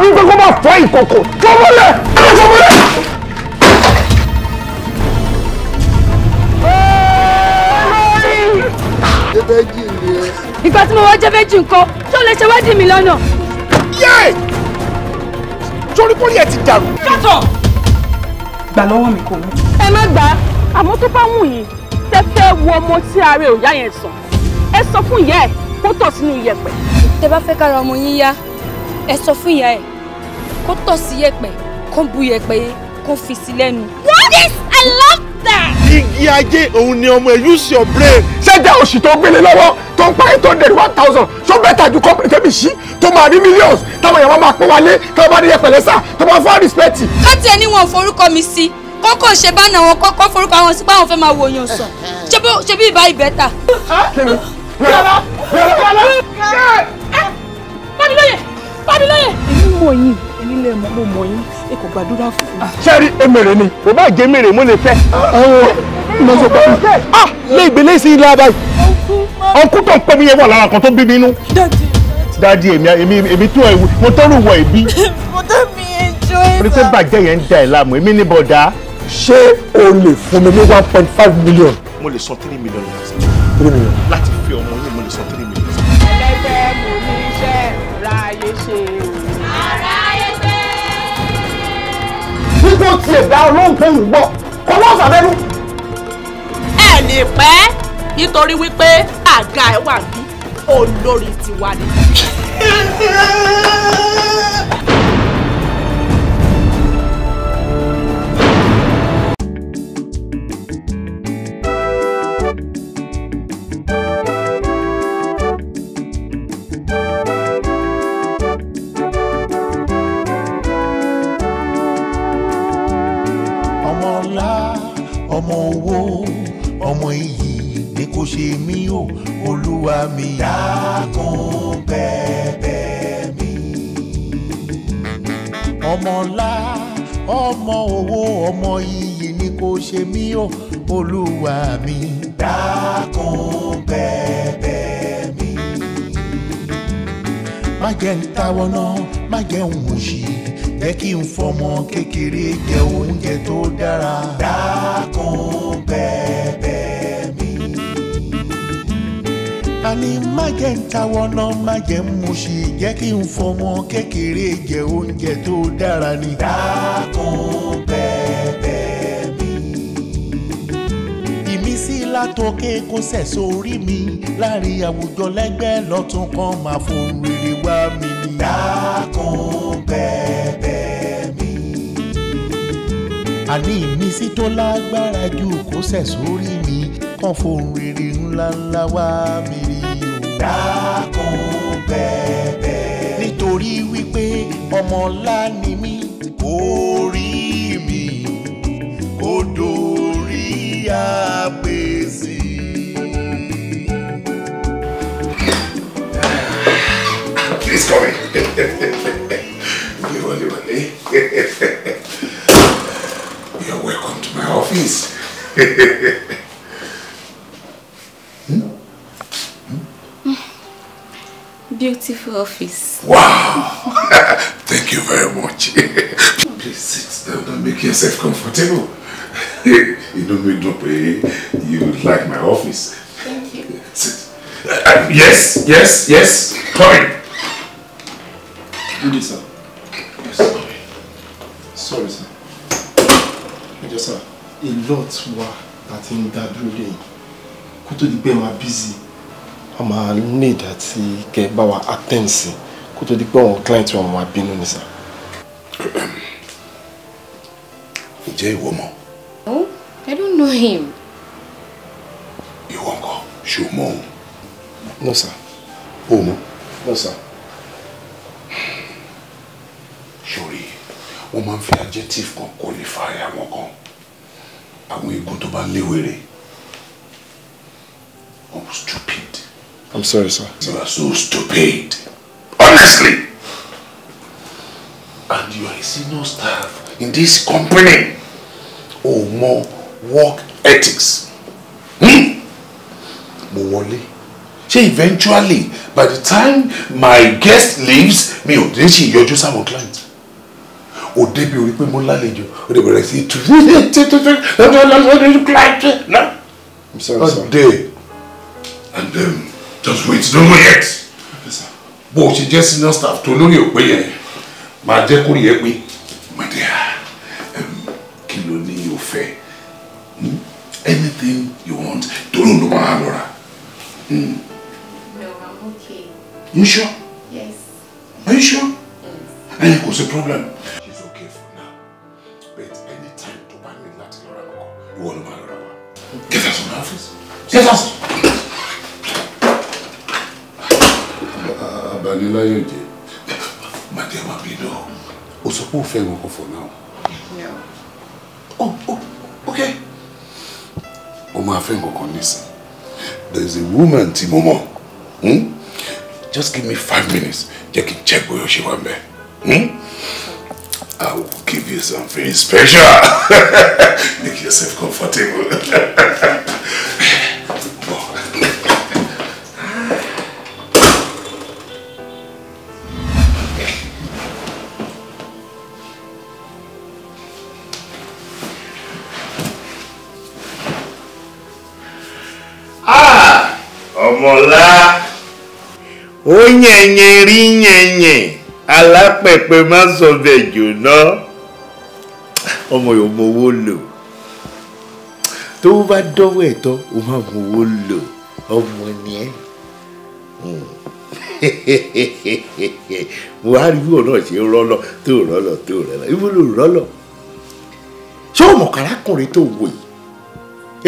wípé kó má fọ́ ìkòkò tó mọ́lẹ̀ tó mọ́lẹ̀. jẹ́bẹ́jì ni ẹ. ìgbà tí mo wá jẹ́bẹ́jì nǹkan tó lè ṣe wádìí mi lọ́nà. yé sórí kórè ẹ ti dàrú. yàtọ̀. gbà lọ́wọ́ mi kò mú. ẹ má gbà á àmọ́ tó bá wù yín tẹ́ fẹ́ wo ọmọ tí ààrẹ ò yá yẹn sàn ẹ sọ fún ìyá ẹ kó tọ̀ sínú iyẹ̀pẹ̀. tẹ́ bá fẹ́ kára ọmọ yín yá ẹ sọ fún ìyá ẹ kó tọ̀ sí yẹ̀pẹ̀ kó bu yẹ̀pẹ̀ yẹn kó fi sí lẹ́nu. what is i love that. igi ajé òun ni ọmọ ẹ use your brain. ṣẹ́jà oṣù tó gbélé lọ́wọ́ tó ń parí tó ń dẹ̀rù one thousand ṣó bẹ́tà ju kọ́pìnì tẹ́bi sí tó máa rí millions táwọn èèyàn máa pín wálé táwọn bá rí yẹpẹ̀ lẹ́sà tó máa fọ́ respect. káàtì ẹni wọn forúkọ mi sí kókò ṣe bá náà wọn kọ́kọ́ forúkọ àwọn sí pé àwọn fẹ́ máa wo èèyàn sàn ṣe bí ìbá ìbẹ́ta. yàrá yàrá yàrá. bámi lóye Bámilóyè. èmi mọ̀ yín èmi lè mọ̀ mo mọ̀ yín ẹ kò gbàdúrà fún mi. sẹ́ẹ̀rì ah, emèrè ni kò bá jẹ́ mèrè mo lè fẹ́. ọ̀hún ah, lọ́sọ̀ pẹ̀lú. a lè gbélé sí ilé abáyé. ọkú tó ń pẹ́ mi yẹn wà lára kan tó bí mi inú. dadi èmi èmi èmi tó ẹ mo tọ́rù wọ ẹ̀bí. mo tẹ́ mi ẹjọ́ ẹ sá. orí pé bàjẹ́ yẹn ń da ẹ̀ láàmú èmi ní bọ̀dá. ṣé o lè fún mi ní one point five million. mo lè san three million láti fi ọmọ yín mo lè san three million. bí kò tiẹ̀ dá olóhùn tó ń gbọ́ kọ́ wọ́n sàbẹ́nu. ẹ lè pẹ́ nítorí wípé àga ẹ̀ wà bí olórí tiwa ni. má jẹ́ mu ṣì jẹ́ kí n fọmọ kékeré jẹ oúnjẹ tó dára ni. dákun bẹ́ẹ̀ mi. ìmísí látòkè kó sẹ̀ sórí mi láàrin àwùjọ lẹ́gbẹ́ lọ́tún kan máa fohùn rere wá mi ni. dákun bẹ́ẹ̀ mi. àní ìmísí tó lágbára ju kó sẹ̀ sórí mi kàn fohùn rere ńláńlá wá mi rí dákun torí wípé ọmọ ńlá ni mí orí mi ó dorí àpèsè. Please come in. Wale wale. You are welcome to my office. Hmm? Hmm? Hmm? Beautiful office. Wow! Thank you very much. Please sit down and make yourself comfortable. You know me, don't pé you like my office. Thank you. Sit. Uh, uh yes, yes, yes. Come in. Do this, sir. Yes. Sorry, sir. Just sir, a lot wà láti ń dá dúró lẹ́yìn. Kó tó di pé máa busy, a need that kẹ́ bá wa attend kó tó di pé àwọn client wọn máa bínú ni sà. ǹjẹ́ ìwọ mọ̀. oh i don't know him. ìwọ nǹkan ṣé o mọ òun. no sir. o mọ. no sir. sori wọ́n máa ń fi adjective kan qualify àwọn kan àwọn igun tó bá léwèrè stupid. i'm sorry sir. you are so stupid seriously. And you are a senior staff in this company. O more work ethics. Hmm? Mo wọlé. eventually by the time my guest leaves me, you're just they be mi ò dé ṣì yọjú sáwọn client? O débi orí pé mo lálejò o dé bẹ̀rẹ̀ sí tu. I'm sorry, sir. Ọdẹ. And um, just wait, don't go yet bó o ṣe jẹ́ senior staff tó lórí òpè yẹn máa jẹ́ kórè ẹ pé mọ̀dẹ́à um, kí ló ní yóò fẹ́ hmm? anything you want tó lóun ló máa lọ rà. Hmm. You sure? Yes. Are you sure? Yes. Ẹyin kò sí problem. She's okay for now. But anytime tó bá ní láti lọ ra kọ̀ọ̀kan, ìwọ ló máa lọ Get us from the office. Get us. abaniláyò jẹ́ màdé má bí dọ̀ o sọ pé o fẹ́ wọn kò fọ̀ náà. ok. o máa fẹ́ nǹkan kan nísìn a woman tí mo mọ̀ hmm? just give me five minutes jẹ́ kí check bóyá o ṣe wà mẹ́. Hmm? I will give you something special. Make yourself comfortable. ọmọlá ó yẹ̀yẹ̀ rí yẹ̀yẹ̀ alápẹ̀pẹ̀ má sọ bẹ́ẹ̀ jóná ọmọ yóò mọ owó lò tó bá dọ́wọ́ ẹ̀ tán ó má mọ owó lò ọmọ ni ẹ́ hmm. mo wá rí ìwọ náà ṣe rọ́lọ̀ tó rọ́lọ̀ tó rọ́lọ̀ ìwọ ló rọ́lọ̀ ṣé ọmọkàrákùnrin tó wò yìí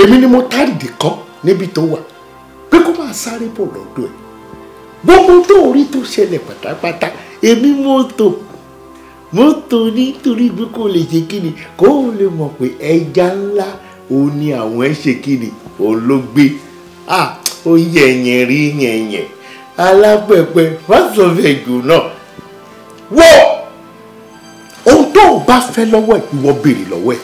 èmi ni mo tá ìdí kan níbi tó wà máa sáré bọ̀ lọ́dọ̀ ẹ̀ gbogbo tó orí tó ṣẹlẹ̀ pátápátá èmi mọ́tò mọ́tò nítorí bí kò lè ṣe kíni kó o lè mọ̀ pé ẹja ńlá òun ni àwọn ẹ̀ ṣe kíni òun ló gbé ó yẹ̀yẹ̀ rí yẹ̀yẹ̀ alápẹ̀pẹ̀ fásọ̀fẹ̀gù náà wọ́ ohun tó o bá fẹ́ lọ́wọ́ ẹ̀ ìwọ béèrè lọ́wọ́ ẹ̀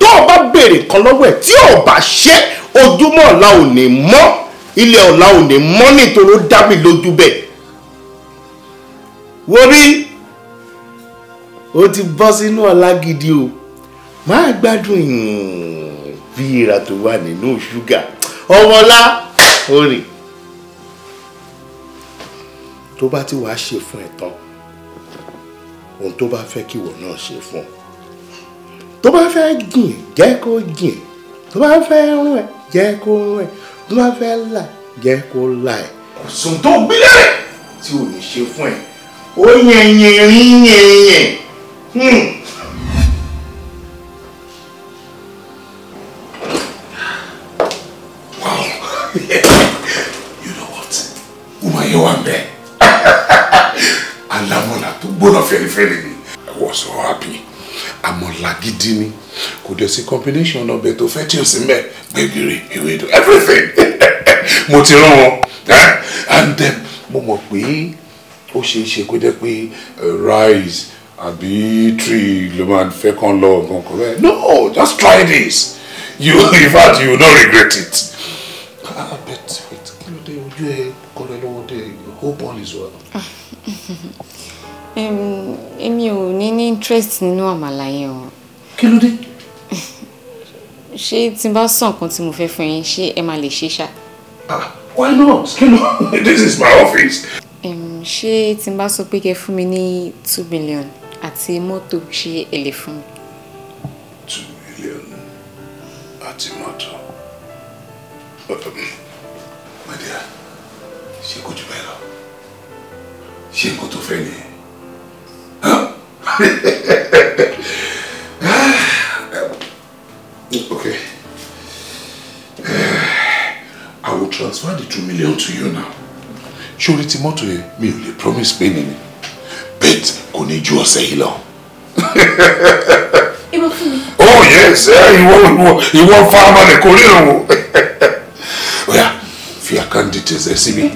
tó o bá béèrè kan lọ́wọ́ ẹ̀ tí o bá ṣe é ojúmọ́ ọ̀la ò ní mọ́ ilẹ̀ ọ̀la ò ní mọ́ nítorí ó dá lójú bẹ́ẹ̀. wo bí o ti bọ́ sínú ọ̀la gidi o máa gbádùn bí ìrà tó wà nínú ṣúgà ọmọlá orin tó bá ti wàá ṣe fún ẹ tán ohun tó bá fẹ́ kí ìwọ náà ṣe fún ọ tó bá fẹ́ gìn jẹ́ kó gìn tó bá fẹ́ rún ẹ̀ jẹ́ kó rún ẹ̀ tó bá fẹ́ là jẹ́ kó là ẹ̀. kò sùn tó gbílẹ̀ tí ò ní ṣe fún ẹ̀ ó yẹn yẹn rí yẹn yẹn. I was so happy àmọ̀là gidi ni kò dẹ̀ sí combination ọbẹ̀ tó fẹ́ tí ò sí mbẹ̀ gbẹ̀gìrì ìwé ìdò everything mo ti rán wọn eh? and then mo mọ̀ pé ó ṣe é ṣe kó jẹ́ pé eh, rice àbí tree ló máa fẹ́ kán lọ ọ̀gbọ̀n kan bẹ́ẹ̀ no just try this you in fact you no regret it ah but kí ló dé ojú ẹ kọ́ lọ́wọ́ dé hope all is well. èmi ò ní ní interest nínú àmàlà yẹn o. kí ló dé. ṣé tí n bá sàn kan tí mo fẹ́ fún yín ṣé ẹ máa lè ṣe ṣá. ah why not kí ló this is my office. ṣé tí n bá sọ pé kẹ fún mi ní two million ati moto ṣé ẹ lè mi. two million àti mọ́tò. Um, my dear ṣé ko jù bẹ́ẹ̀ lọ ṣé nǹkan tó fẹ́ nìyẹn. okay. I will transfer the two million to you now. Surely ti mọ́tò will promise pé nìyí. Bet kò ní ju ọ̀sẹ̀ yìí lọ. Ìwọ fún mi. Oh yes, ìwọ ìwọ ìwọ farabalẹ̀ kò ríran o. Oya, fi account details ẹ síbi.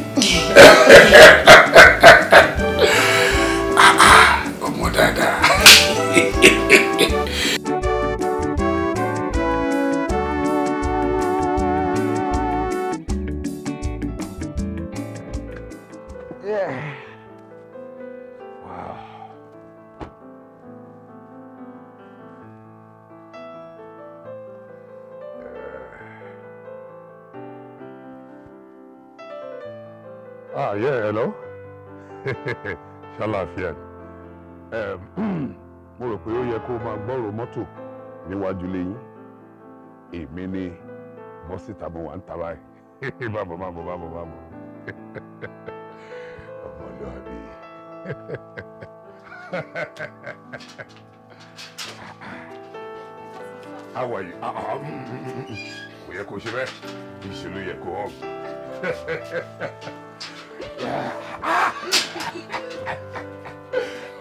Ah, yeah, hello. Ṣàlàáfíà. Um, mo rò pé ó yẹ kó ma gbọ́rọ̀ mọ́tò níwájú lẹ́yìn. Èmi ni bọ́sítà mo tara ẹ̀. Bábọ̀ bábọ̀ bábọ̀ bábọ̀. Ọmọlúwàbí. How are you? Ah, ah, mm, mm, mm, Kò yẹ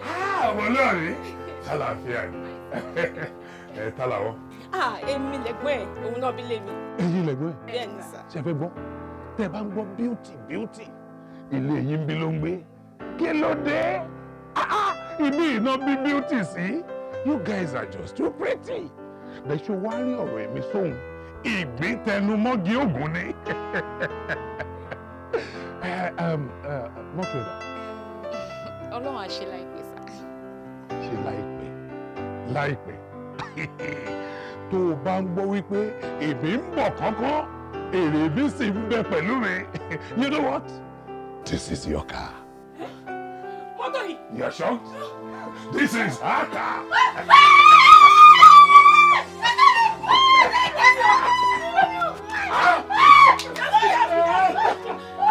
Ah, ọmọ náà rí sálàáfíà ni ẹ tálàwọ. èmi lẹ́gbọ́n ẹ̀ òun náà bí lèmi. èyí lẹ́gbọ́n ẹ̀ bẹ́ẹ̀ ni sà. ṣe fẹ́ gbọ́ tẹ́ bá ń gbọ́ bíútì bíútì ilé yìí ń bí ló ń gbé kí ló dé ah, ah, ibi iná bí bíútì sí you guys are just too pretty bẹ́ẹ̀ ṣe wá rí ọ̀rọ̀ ẹ̀mí sóhun ìgbín tẹnumọ́gi ògùn ni. Um, uh, not really. ọlọ́run àṣẹ láìpẹ́ sá. ṣe láìpẹ́ láìpẹ́ tó o me. ń gbọ́ wípé èmi ń bọ̀ kánkán èrè mi sì ń bẹ pẹ̀lú mi you know what this is your car. What mọ́tò yìí. you're shocked this is her car.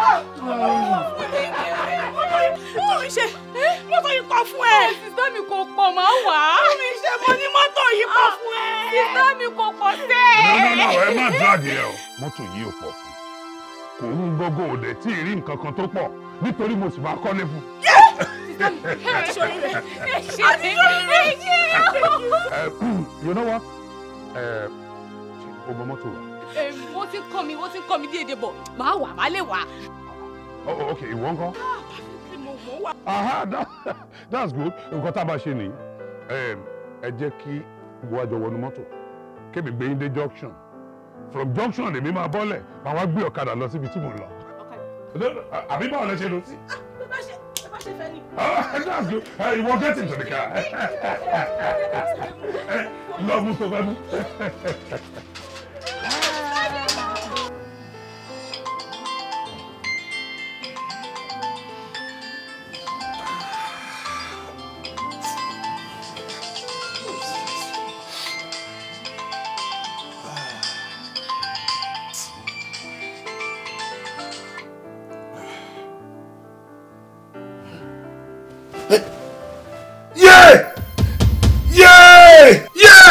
tó ń ṣe mọ́tò yìí pọ̀ fún ẹ. sísá mi kò pọ̀ máa wà á. mi ṣe mo ní mọ́tò yìí pọ̀ ah, fún ẹ. sísá mi kò pọ̀ sí ẹ. nọ́nà ẹ má dráàgì ẹ o mọ́tò yìí ò pọ̀ fún kò ń gbogbo òde tí ì rí nǹkan kan tó pọ̀ nítorí mo sì máa kọ́lé fún. you know what? Uh, ogbon mọ́tò wa wọ́n ti kọ́ mi wọ́n ti kọ́ mi díẹ̀ díẹ̀ bọ̀ màá wà má lè wà. Oh, oh, ok ìwọ ń kọ́. Ah, aha that's good nǹkan tá a bá ṣe nìyí ẹ jẹ́ kí wájọ wọnú mọ́tò kébì gbé yín dé junction from junction lèmi máa bọ́lẹ̀ màá wá gbé ọ̀kadà lọ síbi tí mò ń lọ. àbí báwo lẹ ṣe lọ sí. Oh, that's good. you won't get into the car. Love, Mustafa. Yeah! Yeah! Yeah!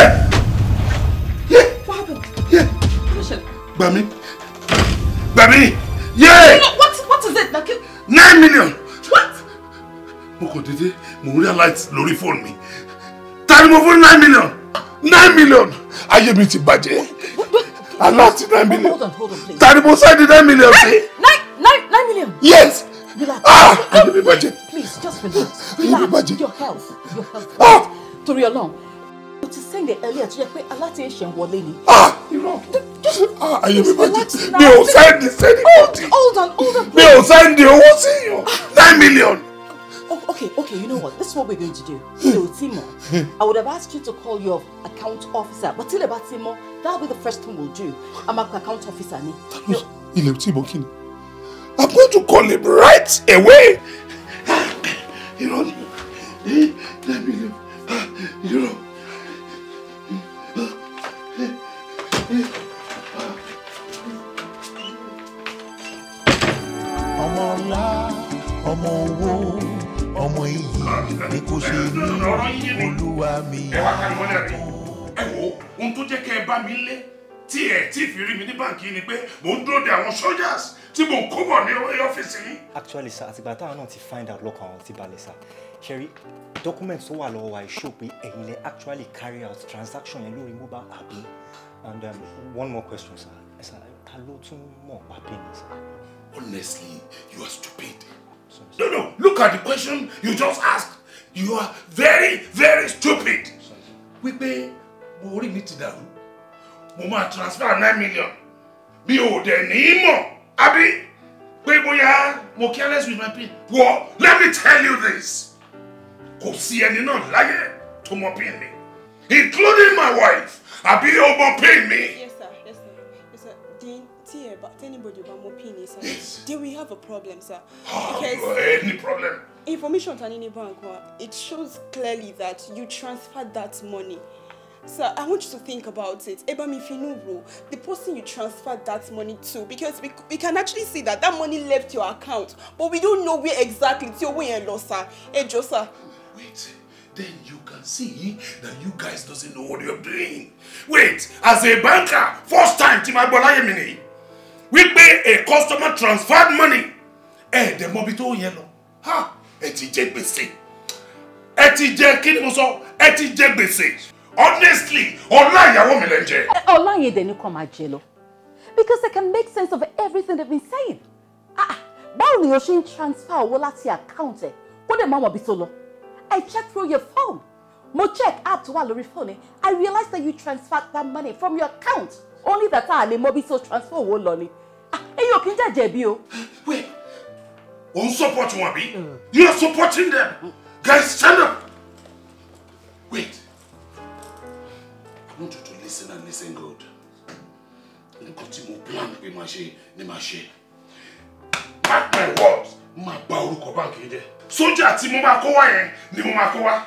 Yeah! What happened? Yeah! Gbà mí! Gbà mí! Yeah! what, what is it? Like, Nine million! What? Mo kàn dédé, mo ń realize lórí fóònù mi. Ta mo fún nine million? Nine million! Ayé mi ti bàjẹ́. I lost nine million. Hold on, hold on, please. Ta ni mo send nine million sí? Nine, nine, nine million? Yes! Ah! Ayé mi bàjẹ́ relax, relax. Your health. Your health. Ah! Torí Ọlọ́run. Mo ti send earlier tó jẹ́ pé aláti ẹ̀ṣẹ̀ ń wọlé ni. Ah! Irọ́. Ah! Ayé mi bàjẹ́. Mi ò send send body. Hold on, hold on. Mi will send the sí yàn. Ah. Nine million. Oh, okay, okay, you know what? This is what we're going to do. So, Timo, I would have asked you to call your account officer, but till about Timo, that'll be the first thing we'll do. I'm an account officer. That was Ilé Timo Kini. I'm going to call him right away irọ́ ni lẹ́mi eh, lọ ah, irọ́. ọmọ ọlá ọmọ owó ọmọ iyì ni kò ṣe ní olúwa mi. ẹ wá kárí mọ́lẹ̀ rẹ̀ ẹ wo ohun tó jẹ́ kẹ́ ẹ bá mi lé tí ẹ ti fi rí mi ní báǹkì ni pé mò ń dúró de àwọn soldiers tí mò kó bọ̀ ní ọ́fíìsì yìí. actually sir àtìgbà táwọn náà ti find out lọ́kàn àwọn ti balẹ̀ sir ṣẹ́rí document tó wà lọ́wọ́ wa show pé ẹ̀yin lẹ actually carry out transaction yẹn lórí mobile app yìí and um, one more question sir ẹ eh, sir ta ló tún mọ̀ wá pé ni sir. honestly you are stupid. no no look at the question you just asked you are very very stupid. wípé orí mi ti dàrú mo máa transfer nine million bí o dẹ̀ ní í mọ̀ àbí pé bóyá mo careless with my pin wọ let me tell you this kò sí ẹni náà láyé tó mọ pin mi including my wife àbí o mọ pin mi. yes sir yes sir yes sir dean tí ẹ bá tẹ́nibodò bá pin yes. then we have a problem sir. Oh, because any problem. information tani ní bank it shows clearly that you transferred that money. Sir, I want you to think about it. Ebami Finuro, the person you transferred that money to, because we, we can actually see that that money left your account, but we don't know where exactly. It's your way and loss, sir. Hey, Joe, sir. Wait. Then you can see that you guys doesn't know what you're doing. Wait, as a banker, first time, Timabolayemini, we pay a customer transferred money. Eh, the mobito yellow. Ha! Ẹ ti jẹ gbèsè. Ẹ ti jẹ honestly ọlá ìyàwó mi lẹ ń jẹ. ọlá yẹn dẹ̀ ni kò máa jẹ lọ because I can make sense of everything they've been saying ah báwo ni o ṣe ń transfer owó láti àkáǹtì ẹ kó dẹ̀ máa wọ̀ bí tó lọ I checked through your phone mo check app tó wà lórí phone ẹ I realized that you transferred that money from your account only that a lè mọ bí tó transfer owó lọ ni ah èyí ò kí ń jẹ̀jẹ̀ bí o. wait o support wọn bi you are supporting them guys stand up wait want you to listen and listen good. Nǹkan tí mo plan pé máa ṣe ni máa ṣe. Mark my words, my gba orúkọ báńkì jẹ́. Sójà tí mo máa kó wá yẹn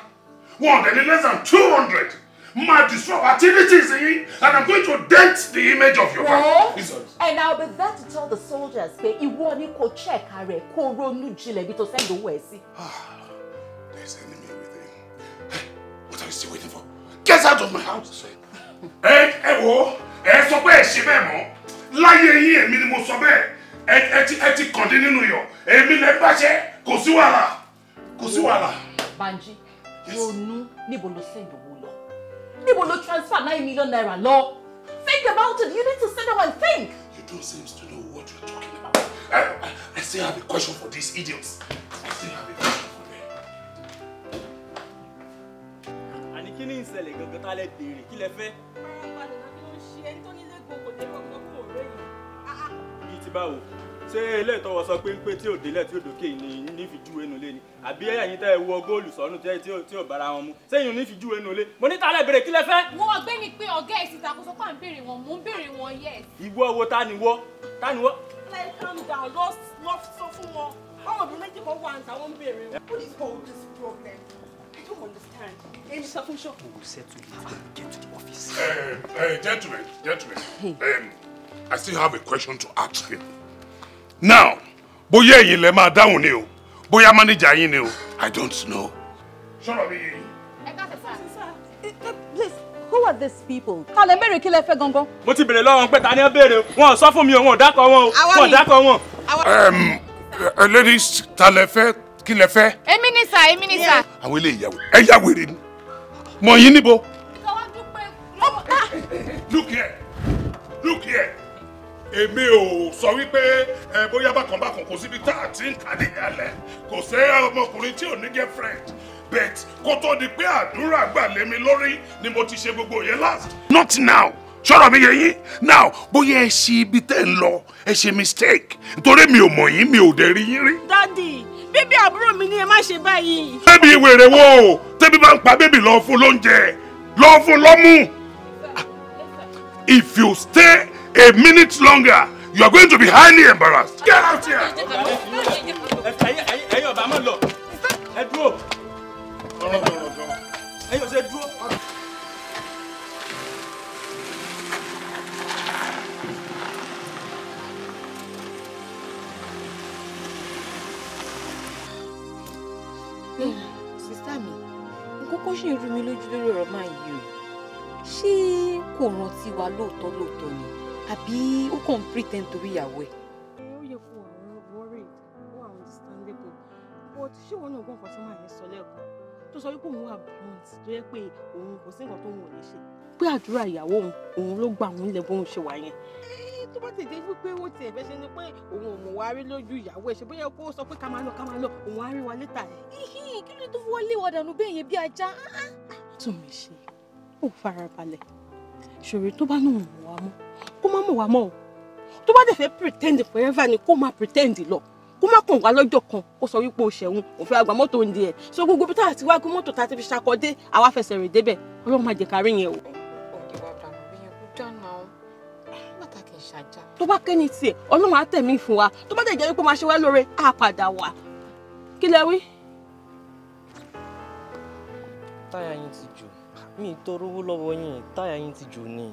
One hundred less than two hundred. Máa disrupt activities yìí and I'm going to dent the image of your bank. Well, and I'll be there to tell the soldiers pé ìwọ ni kò check ààrẹ kó ronú jinlẹ̀ bí tó send owó ẹ̀ sí. Ah, there's enemy within. What are you still waiting for? Get out of my house! Sorry ẹ ẹ wo ẹ sọ pé ẹ ṣe bẹ́ẹ̀ mọ́ láyé yín èmi ni mo sọ bẹ́ẹ̀ ẹ ẹ ti ẹ ti kàn dé nínú yọ èmi lẹ bá ṣe kò sí wàhálà kò sí wàhálà. Banji ronú níbo ló send owó lọ níbo ló transfer nine million naira lọ think about it you need to sit down and think. you don't seem to know what you are talking about. I, I, I still have a question for these idiots. I still have a question. kí ni ìṣẹ̀lẹ̀ gangan tá lẹ béèrè kí lẹ fẹ́. àyànbalẹ̀ náà kí ló ṣe ẹni tó nílé gbogbo dé kò rẹ̀ yìí. bíi ah, ah. ti báwo ṣé ilé ìtọ́wọ́ sọ pé ń pé tí ò délẹ̀ tí ò ní nífi ẹnu lé ni àbí ẹ̀yin tẹ́ ẹ wọ góòlù sọ́nù tẹ́ tí ò bára wọn mu sẹ́yìn nífi ju ẹnu lé mo ní tààlẹ̀ béèrè kí lẹ fẹ́. mo ọ̀gbẹ́ni pé ọ̀gá ẹ̀ sì takùsọ pé wọn mò ń béèrè wọn yẹ. ìwọ wo ta ni wọ ta ni wọ. like calm down lọ sọ fún wọn báwọn ọdún méjì kan wà ń tàwọn ń béèrè wọn. what is all this problem. I don't understand. Ẹ ní sọ fún ṣọ́. We will settle ah, get to the office. Hey, Ẹ gentlemen gentlemen um, I still have a question to ask him. Now boye yilema lẹ máa boya ni o bóyá manager yín ni I don't know. Sọ̀rọ̀ mi yìí. Eh, eh, please who are these people? ta lè béèrè kí lẹ fẹ́ gangan. mo ti béèrè lọ́wọ́ pé ta ni ẹ béèrè wọn ò sọ fún mi o wọn ò dákọ̀ wọn o wọn ò um, eh, ladies ta kí lẹ fẹ́. èmi ni sà èmi àwọn ilé ìyàwó ẹ yà wèrè ni mọ̀ yín níbo. look here èmi ò sọ wípé ẹ bóyá bákan bákan kò síbi tá a ti ń kàdé yálẹ kò sẹ́ ọmọkùnrin tí ò ní girlfriend bet kó tó di pé àdúrà gbà lé mi lórí ni mo ti ṣe gbogbo yẹn last. not now sọ̀rọ̀ mi yẹ yín now bóyá ẹ ṣe ibi tẹ́ ń lọ ẹ ṣe mistake nítorí mi ò mọ̀ yín mi ò dẹ̀ rí yín rí. dádì bébí àbúrò mi ni ẹ má ṣe báyìí. bébí wèrè wo tẹ́bí bá ń pa bébí lọ fún lóúnjẹ lọ fún lọ́mú. if you stay a minute longer you are going to be highly embarrassed. get out here. ẹ̀yin ọba máa lọ ẹ dúró ẹ̀yin ọ̀sẹ̀ dúró. sísá mi nǹkan kan ṣì ń rú mi lójú lórí ọ̀rọ̀ máa yìí o ṣé kò rántí wa lóòótọ́ lóòótọ́ ni àbí ó kàn ń pretend torí ìyàwó ẹ̀. ó yẹ kó àwọn worried kó àwọn understandable but ṣé wọn náà gbọ́n kan tí màá yẹn sọ lẹ́ẹ̀kan tó sọ wípé òun wà blunt tó yẹ pé òun kò sí nǹkan tó ń wọlé ṣe pé àdúrà ìyàwó òun òun ló gba òun lẹ bóun ṣe wà yẹn bá tètè wípé ó tiẹ̀ fẹ́ ṣe ni pé òun ò mọ̀ wá rí lójú ìyàwó ẹ̀ ṣe bóyá kó sọ pé ká máa lọ ká máa lọ òun á rí wa létà ẹ̀. ihin kí ló tó fún wọlé wọ dànù bẹ́ẹ̀ yẹn bí ajá. tún ṣe ó farabalẹ̀ ṣòro tó bá náà mọ̀ wá mọ́ kó má mọ̀ wá mọ́ o tó bá dẹ̀ fẹ́ pretend forever ni kó má pretend lọ kó má kàn wá lọ́jọ́ kan kó sọ wípé o ṣẹ̀wọ̀n òun fẹ́ àgbà mọ́tò ń ẹ̀ so gbogbo bí táà ti wá gbé mọ́tò tá a ti fi ṣakọ́dé àwa fẹsẹ̀ rìn débẹ̀ ọlọ́run má jẹ́ ká rí yẹn o. tó bá kẹ́ni tiẹ̀ ọlọ́run á tẹ̀mí fún wa tó bá dẹ̀ jẹ́ wípé máa ṣe wá lóore á padà wá kí lẹ wí. táyà yín ti jò mí tọrọ owó lọ́wọ́ yín táyà yín ti jò ni.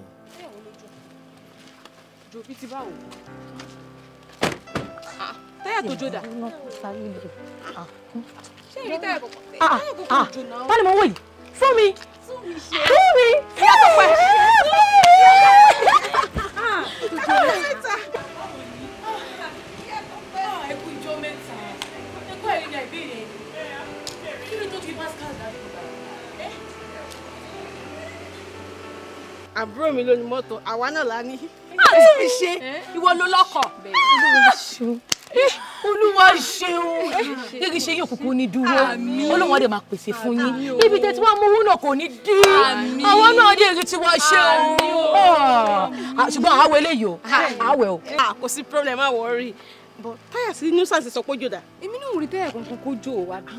jò bíi ti báwo ah, táyà tó jò dà ṣé èyí táyà kọ̀ọ̀kan ah, táyà ah, náà. tani mo wò yìí fún mi fún mi. ìyá tó mẹ́ta. ẹkú ìjọ mẹ́ta ẹkú ẹ̀yìn náà ìbéèrè kí ló tó ti pásítọ̀ dájú àbúrò mi ló ní mọ́tò àwa náà la ní. àti fi ṣe ìwọ ló lọ́kọ̀ olúwa ṣeun yìí ṣe yóò kúkú ní dúró olúwa dẹ̀ máa pèsè fún yín ibi tẹ́ tí wọ́n mú owó kò ní dí ọwọ́ náà dé èrè tí wọ́n ṣe o ah, ṣùgbọ́n àwọ̀ eléyìí o àwẹ̀ o. kò sí problem àwọ̀ rí táyà sí nuisance sọ pé jòdà èmi náà ò rí táyà kankan kó jò wá bí.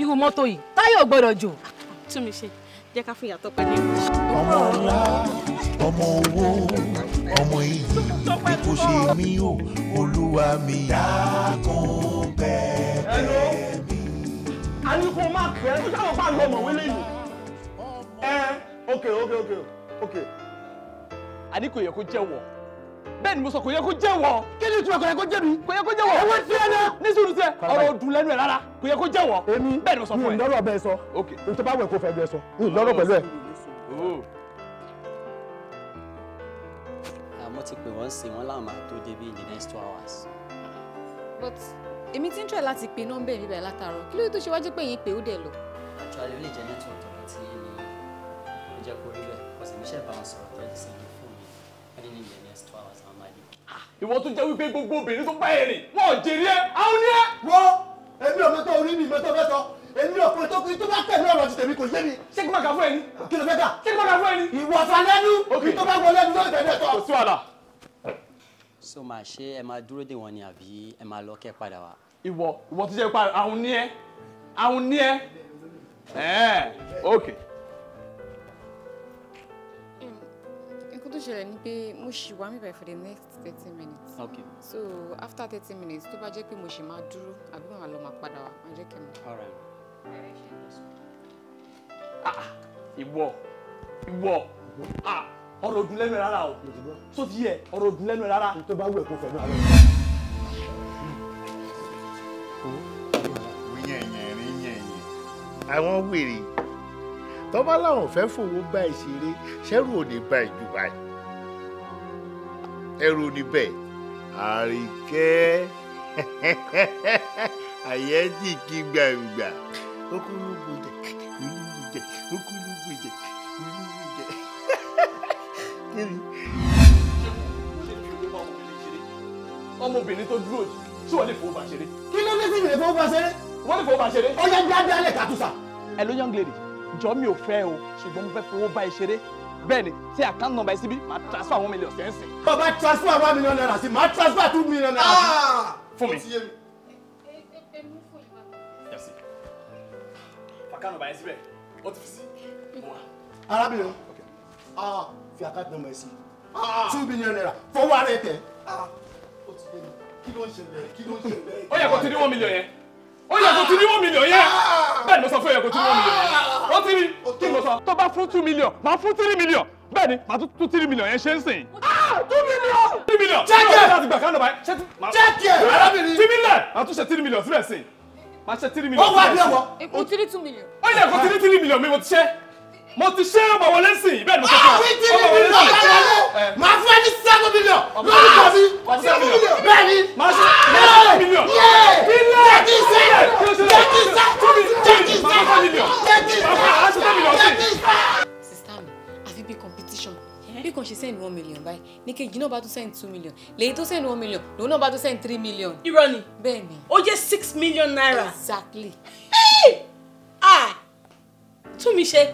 irú mọ́tò yìí táyà ò gbọ́dọ̀ jò. tún mi ṣe jẹ́ ká fún ìyàtọ̀ pẹ̀lú. ọmọ ọlá ọmọ owó ọmọ yìí bí kò ṣe mí olúwa mi dákun bẹ̀bẹ̀ mi. a ní kó má pẹ́ bá lọ mọ̀wé lẹ́yìn ẹ ok ok ok ok. a kò yẹ kó jẹ́wọ́ bẹ́ẹ̀ ni mo sọ kò yẹ kó jẹ́wọ́. kí ni ìtumọ̀ kò yẹ kó jẹ́ mi. kò yẹ kó jẹ́wọ́. ẹwọ tiẹ̀ náà. ní sùúrù tiẹ̀ ọ̀rọ̀ dùn lẹ́nu ẹ̀ rárá kò yẹ kó jẹ́wọ́. èmi bẹ́ẹ̀ mo sọ fún ẹ. mi ò lọ́rọ̀ bẹ́ẹ̀ sọ. ok n bá wẹ̀ kó fẹ́ bẹ́ẹ̀ sọ. mi ò lọ́rọ̀ oh, pẹ̀lú ẹ̀. wọ́n ti pè wọ́n sí wọ́n láwọn máa tó débi in the next two hours. but èmi ti ń tọ́ ẹ̀ láti pè nọ́mbẹ̀ mi báyìí látàárọ̀ kí ló tó ṣe wájú pé yín pè ó dẹ̀ lọ. actually ó lè jẹ́ network tọ̀rọ̀ tí ní ó jẹ́ kó rí bẹ́ẹ̀ kò sì níṣẹ́ bá wọn sọ̀rọ̀ tọ́jú sí ibi fún mi wọ́n ní the next two hours àwọn máa dé. Ah, ìwọ tún jẹ́ wípé gbogbo obìnrin tó bá ẹ̀ rìn wọ́n ò jèrè ẹ́ àwọn ni ẹ́. wọ́n èmi ò mẹ́tọ́ orí mi mẹ́tọ́ mẹ́tọ́ èmi ọkùnrin tó kiri tó bá tẹ̀lé ọ̀rọ̀ ti tèmi kò yé mi. ṣé kí n máa kà fún ẹni. kí ló fẹ́ kà. ṣé kí n máa kà fún ẹni. ìwọ̀sán lẹ́nu. òkè tó bá wọlé ẹni lórí tẹ̀lé ẹ̀tọ́. kò sí wàhálà so máa ṣe ẹ máa dúró dè wọ́n ni àbí ẹ máa lọ kẹ́ padà wá. ìwọ ìwọ ti ṣe pa àwọn ní ẹ àwọn ní ẹ ẹ ok. ikú tó ṣẹlẹ̀ ni pé mo ṣì wá níbẹ̀ for the next thirty minutes. ok so after thirty minutes tó bá jẹ́ pé mo ṣì máa dúró àbí màá lọ máa padà wá máa jẹ́ kẹ́mi. Ah, ìwọ ìwọ ah ọ̀rọ̀ òdùn lẹ́nu rárá o tó ti yẹ ọ̀rọ̀ òdùn lẹ́nu rárá. tó bá wù ẹ́ kó fẹ́ náà lọ. àwọn wèrè tọ́ba làwọn fẹ́ fowó bá ẹ ṣeré ṣẹ́rù ò bá ẹ jù báyìí ẹrù níbẹ̀ àríkẹ́ àyẹ́dì kí gbàǹgbà ó kúrú gbọdọ̀. kiri. ọmọbìnrin tó dúró yìí tí wọ́n lè fowó bá ṣeré. kí ló dé síbi lè fowó bá ṣeré. wọ́n lè fowó bá ṣeré. ó yẹ dáadáa lẹ̀ kàtúnṣà. ẹ ló young lady jọ mi ò fẹ́ o ṣùgbọ́n mo fẹ́ fowó bá ẹ ṣeré bẹ́ẹ̀ ni tí account number ẹ síbí máa transfer one million sẹ́ǹsì. bàbá transfer one million naira sí máa transfer two million naira. Ah! fún mi. account number ẹ síbẹ̀ ó ti fi sí. arábìnrin. Ah fi account number sí ah. two billion naira fọwọ́ ara ẹ tẹ̀. Ah. kí ló ń ṣẹlẹ̀ kí ló ń ṣẹlẹ̀. ó yẹ kó ti ní one million yẹn ó yẹ kó ti ní one million yẹn ah. bẹ́ẹ̀ ni mo sọ fún ẹ kó ti ní one million yẹn ó ti ní kí ni mo sọ. tó bá fún two million máa fún three million bẹ́ẹ̀ ni màá tún three million yẹn ṣe ń sìn. two million. three million. jẹ́jẹ́ láti gbà kánú báyìí. jẹ́jẹ́ arábìnrin. three million. màá tún ṣe three million síbẹ̀ sí. màá ṣe three million. ó wá bí ọwọ́. èkó three two million. ó yẹ kó three three million mi mo ti ṣe mo ti ṣe ọmọ wọlé sí i bẹ́ẹ̀ ni mo sọ fún ọ ah, ọmọ wọlé sí i. màá fún ẹ ní seven million lórí kọ mi seven million bẹ́ẹ̀ ni màá ṣe seven million ilé jẹ́kí sẹ́ jẹ́kí sẹ́ jẹ́kí sẹ́ jẹ́kí sẹ́ jẹ́kí sẹ́. sista mi àfi bí competition bí kan ṣe send one million báyìí ní kejì náà bá tún send two million lèyí tó send one million lòun náà bá tún send three million. irọ́ ni bẹ́ẹ̀ ni ó jẹ́ six million naira. exactly. ah tún mi ṣe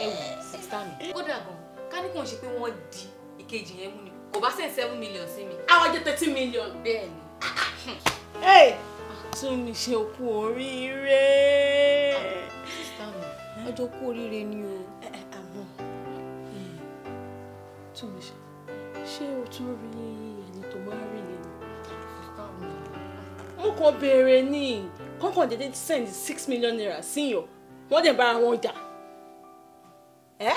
ẹ wò sista mi. kódà gan ká ní kò ń ṣe pé wọ́n di ìkejì yẹn mú ni kò bá sẹ́yìn seven million sí mi. àwọn jẹ́ thirty million. bẹ́ẹ̀ ni. tún mi ṣe kú oríire. sista mi ọjọ́ kú oríire ni o. àmọ́ hmm. tún mi ṣe ṣé o tún rí ẹni tó máa rí yẹn ni. mo kàn béèrè ní kọ́ńkàn dédé send six million naira síyàn wọ́n dẹ̀ bára wọn jà ẹ́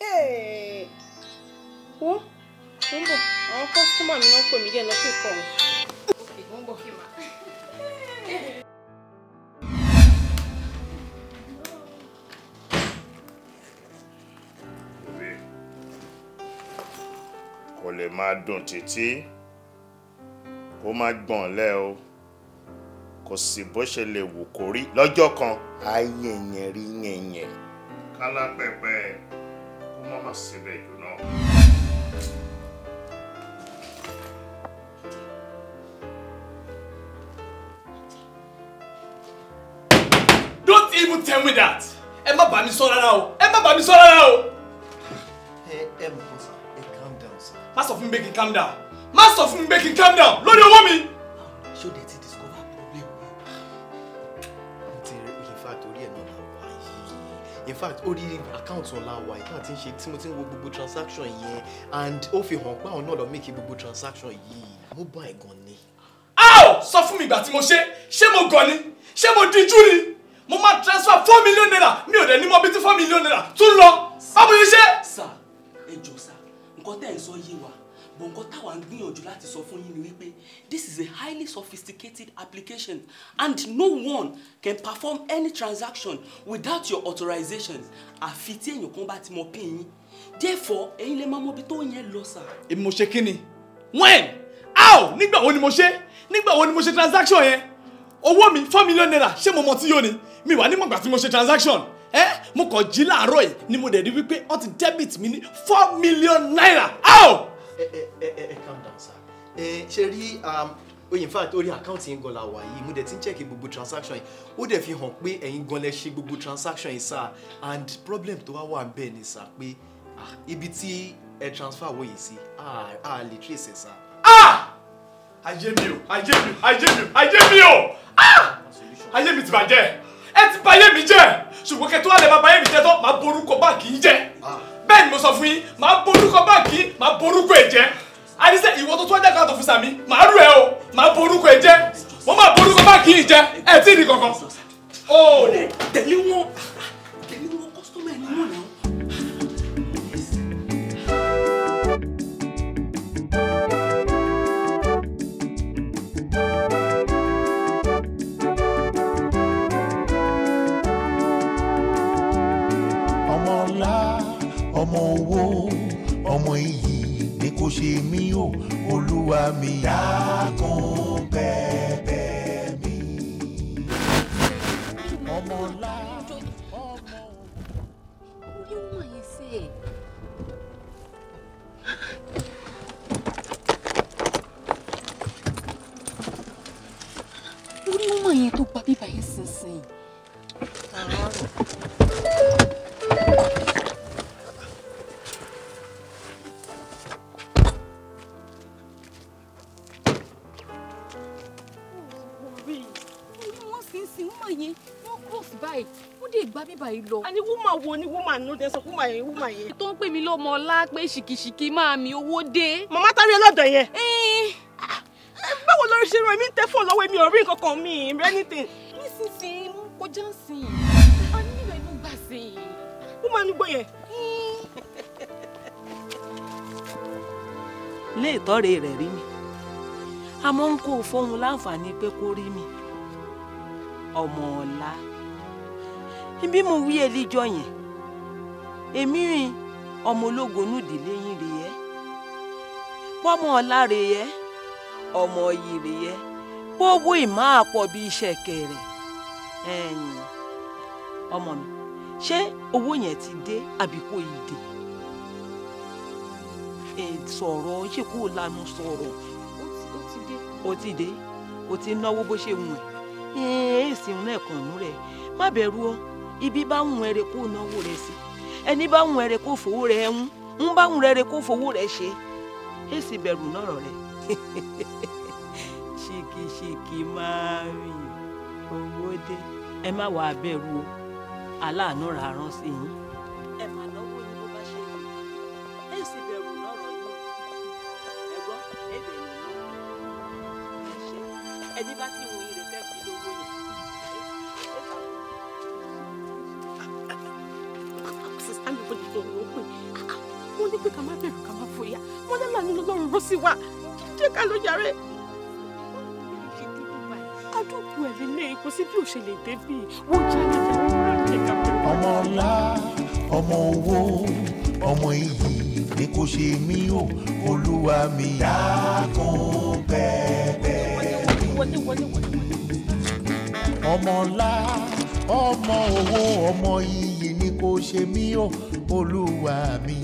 ẹ́ wo ń bọ̀ àwọn kọ́sítọ́mà mi náà pè mí díẹ̀ lọ́sẹ̀ kọ̀ ọ́ òkè ń bọ̀ kí n máa. kò lè máa dùn títí kó má o kò sì bó ṣe lè wù kó rí kan á yẹ̀yẹ̀ rí kálá pẹ̀pẹ́ kó má má don't even tell me that ẹ má bà mí sọ rárá o ẹ má bà mí sọ rárá o. ẹ ẹ mọ̀ sá ẹ calm down sá. má sọ fún mi pé kí calm down má sọ fún mi pé kí calm down lórí owó mi. in fact ó rí account ọ̀la wa ìtàn àti ṣe tí mo ti ń wo gbogbo transaction yẹn and ó fi hàn pé àwọn náà lọ make gbogbo transaction yìí mo bá ẹ̀ gan ni. ao sọ fún mi ìgbà tí mo ṣe ṣé mo gàn ni ṣé mo díjú ni mo máa transfer four million naira mi ò dẹ̀ ní mọ bí tí four million naira tún lọ báwo ni ṣe. sà ẹ jọ sà nǹkan tẹ́ ẹ̀ sọ yé wa bọ̀ nǹkan táwa ń gbìyànjú láti sọ fún yín ni wípé this is a highly sophisticated application and no one can perform any transaction without your authorization àfi tí èèyàn kan bá ti mọ pin yín therefore ẹ̀yin lè máa mọ ibi tó yẹn lọ sà. èmi mo ṣe kíni when how nígbà wo ni mo ṣe nígbà wo ni mo ṣe transaction yẹn owó mi four million naira ṣé mo mọ tí yóò ni mi wà nímọ̀gbà tí mo ṣe transaction ẹ mo kàn jí láàárọ̀ yìí ni mo dẹ̀ rí wípé wọ́n ti debit mi ní four million naira how calm down sir ẹ um, rí in fact orí àkáǹtì yín gan Wai, wà yìí mo dẹ̀ ti ń chẹ́kì gbogbo transaction yìí ó dẹ̀ fi hàn pé ẹ̀yin gan lẹ Bubu transaction yìí sir and problem to our one Ben is ni sir pé ah, ibi tí a transfer way yìí sí Ah, ah, literally, ẹ̀ sir. Ah! ayé mi o ayé mi o ayé mi o ayé mi o ah! ayé mi ti bàjẹ́ ẹ ti bà It's by jẹ́ ṣùgbọ́n kẹ́tọ́ àlẹ́ bá bà ayé mi jẹ́ tán máa borúkọ báàkì yìí jẹ́ bẹ́ẹ̀ ni mo sọ fún yín màá borúkọ báàkì màá borúkọ ẹ̀ àdìsẹ́ ìwọ tó tún ẹ̀jẹ̀ kan fún sàmì màá rú ẹ o màá borúkọ ẹ̀ jẹ́ máa borúkọ báàkì yìí jẹ́ ẹ̀ tí ì ní kankan. o tẹ̀lé wọn tẹ̀lé wọn kọ́sítọ́mù ẹ̀ ni wọ́n owó ọmọ iyì ni kò ṣe mí o olúwa mi. dákun bẹ̀bẹ̀ mi ọmọ ńlá ọmọ. orí wọn yẹn ṣe é. orí wọn yẹn tó gba bíbá yẹn sínsìn bàbá yìí lọ. àní wúmà wo ni wúmà ló dé sọ wúmà yẹn wúmà yẹn. tó ń pè mí lọ́mọ ọlá pé ṣìkìṣìkì máa mi owó dé. màmá tárí ọlọ́dọ̀ yẹn. Eh, báwo lórí ṣe rán mi ń tẹ fóònù lọ́wọ́ mi ò rí nǹkan kan mi ì anything. nísinsìnyí mo kọjá sí a nílò inú gbà sí i. wúmà ní gbọ́ yẹn. ilé ìtọ́rẹ̀ rẹ̀ rí mi àmọ́ ń kó fóun láǹfààní pé kó rí mi ọmọ ọ̀la níbí mo wí elijọ yẹn èmi rìn ọmọ ológo nùdílé yín rè yẹ pọmọ ọlá rè yẹ ọmọ yìí rè yẹ gbogbo ìmọ̀ àpọ̀ bí iṣẹ́ kẹrẹ̀ ẹ̀yìn ọmọ mi ṣé owó yẹn ti dé àbí kò yìí dé sọ̀rọ̀ ṣé kó lanu sọ̀rọ̀ ó ti dé ó ti náwó bó ṣe wù ẹ́ ẹ̀ ẹ́ sì ń lẹ̀kùnún rẹ̀ má bẹ̀rù ọ́ ibi bá wùn ẹrẹ kó náwó rẹ sí ẹni bá wùn ẹrẹ kó fowó rẹ ń ń bá wùn ẹrẹ kó fowó rẹ ṣe é sì bẹ̀rù nọ̀rọ̀ rẹ ṣìkìṣìkì máa rìn owó dé ẹ má wàá bẹ̀rù o aláàánú ra rán sí yín. ẹni bá ti. sì wà jẹ́ ká lọ yàrá ẹ̀. adúgbò ẹ̀ lélẹ̀ kò sí bí òṣèlè débì wọ́n jẹ́ àwọn ará rẹ̀ kàpẹ́. ọmọ ọlá ọmọ owó ọmọ iyì ni kò ṣe mí o olúwa mi dákun bẹ́ẹ̀bẹ́. ọmọ ọlá ọmọ owó ọmọ iyì ni kò ṣe mí o olúwa mi.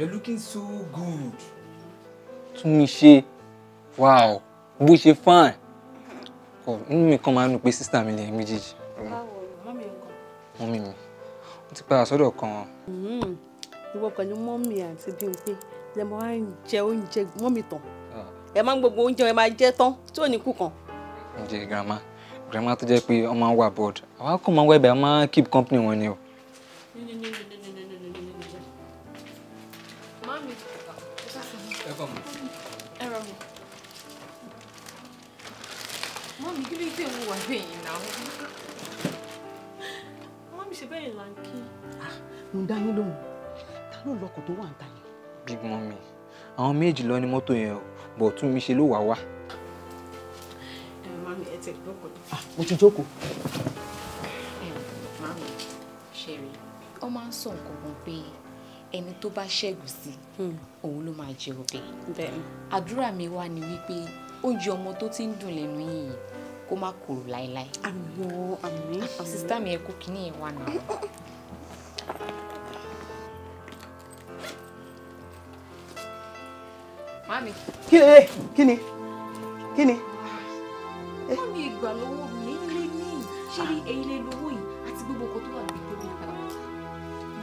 You're looking so good. Túnmiṣe, wow, bó ṣe fine. Ọ̀ inú mi kan máa ń nu pé sísá mi lẹ́yìn méjèèjì. Báwo mọ́mí nǹkan? Mọ́mí mi, ó ti padà sọ́dọ̀ kan. Hmm, ìwọ pẹ̀lú mọ́mí àti Bímpé lẹ máa ń jẹ oúnjẹ mommy tán. Ah. Ẹ máa ń gbogbo oúnjẹ ẹ máa jẹ tán tí ò ní kú kan. Oúnjẹ grandma, grandma tó jẹ́ pé ọmọ wa board, àwa kò máa wẹ̀ bẹ́ẹ̀ a keep company wọn ni o. àwọn méjì lọ ní mọ́tò yẹn o bọ̀ tún mi ṣe ló wà wá. mami ẹ ti jókòó. Ah, mo ti jókòó. mami ṣeré ọ máa ń sọ nǹkan kan pé ẹni tó bá ṣẹ́gun sí hmm. òun ló máa jẹ ọbẹ̀. àdúrà mi wá ni wípé oúnjẹ ọmọ tó ti ń dùn lẹ́nu yìí kó má kúrò láéláé. àmì o àmì. Ah, sísítà mi ẹ kó kíní ẹ wà náà. bá mi. Eh, kí ni kí ni kí ni. wọ́n ní ìgbà lọ́wọ́ mi èyí lé ní ṣé rí èyí lé lọ́wọ́ yìí àti gbogbo nǹkan tó wà níbi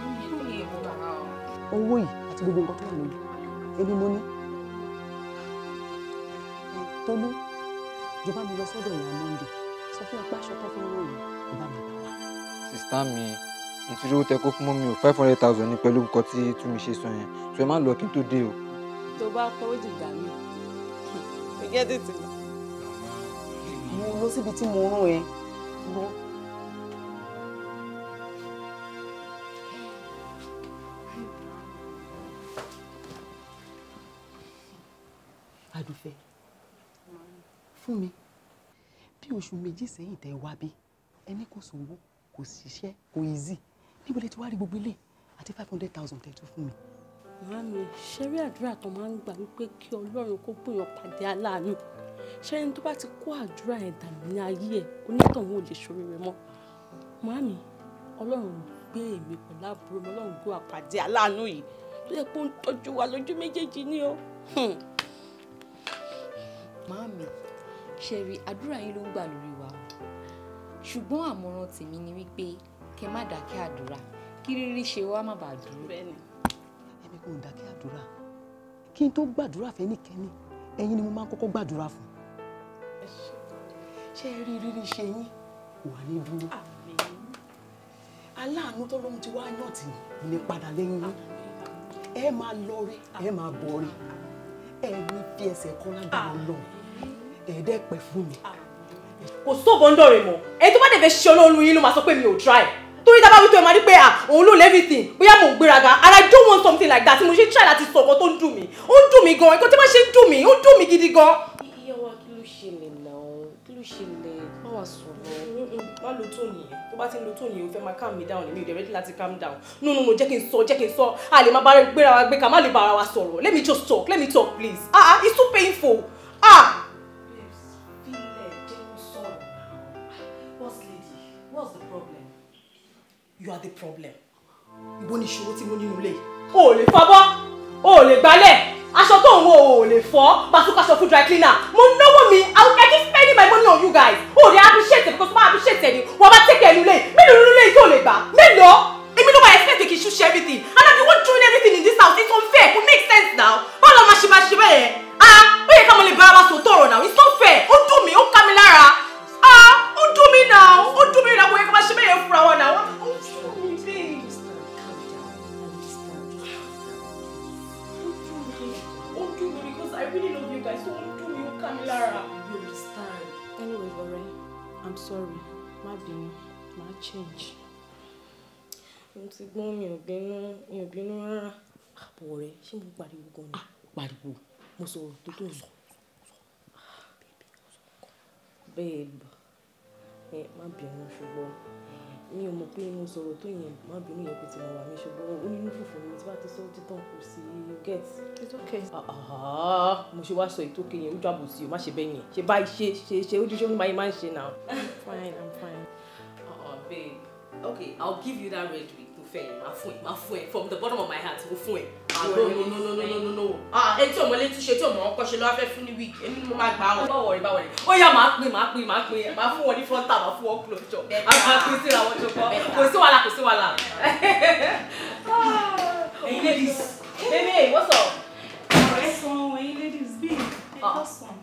tó ní ìgbà ló owó yìí àti gbogbo nǹkan tó wà níbi èmi mo ní. tolú jọba mi lọ sọ́dọ̀ ìyá monde sọ fún ọpá aṣọ tó fẹ́ rán yìí kò mi bá wa. sista mi nítorí owó tẹ kó fún mọ́ mi ò five hundred thousand ní pẹ̀lú nǹkan tí túnmí ṣe sọ yẹn so má lọ kí n tó dé o tó bá pẹ́ ó dìgbà mi ò jẹ́ tètè mọ́. mo lọ síbi tí mo rán ẹ lọ. adùfẹ́ fún mi bí oṣù méjì sẹ́yìn tẹ́ wá bí ẹni kò sówó kò síṣẹ́ kò easy níbo lẹ ti wá rí gbogbo ilé àti five hundred thousand tẹ́ tó fún mi màámi ṣẹ́rí àdúrà tó máa ń gbà wípé kí ọlọ́run kó gbìyàn pàdé aláàánú ṣẹ́ni tó bá ti kó àdúrà ẹ̀ dànù ní ayé ẹ̀ onítọ̀hún ò lè ṣorí rẹ̀ mọ́ màámi ọlọ́run gbé èmi pẹ̀lú àbúrò mi ọlọ́run gbé àpàdé aláàánú yìí tó yẹ kó ń tọ́jú wa lójú méjèèjì ni o. Hmm. màámi ṣẹ́rí àdúrà yín ló ń gbà lórí wa ṣùgbọ́n àmọ̀ràn tèmi ni wípé kẹ má dákẹ́ àdúrà kí rírí ṣe wá má bàa dúró. bẹ́ẹ̀ pé kò ń dákẹ́ àdúrà kí n tó gbàdúrà fẹ́ nìkẹ́ni ẹ̀yin ni mo máa ń kọ́kọ́ gbàdúrà fún. ṣé ẹ rí rírí ṣe yín kò ní dúró. aláàánú tọ́lọ́run ti wá yàn ní padà lẹ́yìn yín ẹ máa lọrí ẹ máa bọrí ẹ ní fi ẹsẹ̀ kan lágbára lọ ẹ̀ẹ́dẹ́pẹ̀ fún mi. kò sóbọ̀ ń dọ̀rẹ̀ mọ́ ẹ tó bá dẹ̀ fẹ́ ṣe olóorun yín ló máa sọ pé mi ò try torí tá a bá wí tó ẹ máa rí pé à òun ló lẹ́fìtì bóyá mò ń gbéraga and I don't want something like that tí mo ṣe try láti sọ ọkàn tó ń dùn mí ó ń dùn mí gan ẹ̀kọ́ tí wọ́n ṣe ń dùn mí ó ń dùn mí gidi gan. iye wa kí ló ṣẹlẹ̀ náà kí ló ṣẹlẹ̀ má wàá sọ̀rọ̀. má lo tó nìyẹn tó bá ti ń lo tó nìyẹn o fẹ́ máa calm me down èmi ò dẹ̀ ready láti calm down no no no jẹ́ kí n sọ jẹ́ kí n sọ a lè má bára gbéra wa gbé ká má lè bára wa sọ̀rọ̀ let me just talk let me talk please ah ah it's too painful ah you are the problem ìbò ni ìṣòro tí mo nínú ilé yìí. o ò lè fọbọ́ o ò lè gbálẹ̀ aṣọ tó ń wo o ò lè fọ́ pàṣípàṣọ fún dry cleaner mo náwó mi i will get spending my money on you guys o ò lè appreciate because mo appreciate ẹni wọ́n bá tẹ́kẹ̀ ẹnu lé mélòó nínú ilé yìí tó lè gbà mélòó èmi ló máa expect kì í ṣúṣe everything and i dey wan join everything in this house it's unfair it makes sense now báwo la máa ṣe máa ṣe bẹ́ẹ̀ ah ó yẹ ká mo lè bára wa sòótọ́ ọ̀rọ̀ now it's unfair. fair ó dùn mí ó ká mi lára ah ó dùn mí now ó dùn mí now mo yẹ ká máa ṣe bẹ́ẹ̀ yẹn fúnra wọn now ta mi you understand. anyway ọ̀rẹ́ i'm sorry My being, my change. mo ti gbọ́n mi ò bínú mi ò bínú rárá. àbọ̀ ah, ọ̀rẹ́ ṣé mo pariwo gan ni. Ah, pariwo mo sọ̀rọ̀ tó tó sọ. babe ẹ má bínú ṣùgbọ́n mi ò mọ̀ pé mo sọ̀rọ̀ tó yẹn má bínú yẹn pé tí mo wà mí ṣùgbọ́n onínú fùfù ni tí wàá ti sọ ó ti kù sí you get. it's okay. Ah, ah, ah. mo ṣe wá sọ ètò yẹn ojú àbòsí o má ṣe bẹ́ẹ̀ yẹn ṣe báyìí ṣe ṣe ṣe ojú ṣé onímọ̀ máa ń ṣe náà. fine i'm fine. Uh -uh, babe okay i'll give you that red wig fẹ́ yẹn máa fún ẹ máa fún ẹ from the bottom of my heart mo fún ẹ. Ah, no no no no no no no. Ah, etí ọmọ létí ṣe tí ọmọ ọkọ ṣe lọ́wọ́ fẹ́ fún ní wíìkì èmi ni mo máa gbà á wọ̀. báwọ̀ rẹ̀ báwọ̀ rẹ̀ ó yá máa pin máa pin máa pin máa fún wọn ní fronta máa fún wọn closure máa pin síra wọn jọ kọ́ kò sí wàhálà kò sí wàhálà. ẹ̀yin ladies. bébè what's up. ọ̀rẹ́ san ẹ̀yin ladies bíi ẹ̀kọ́ sàn.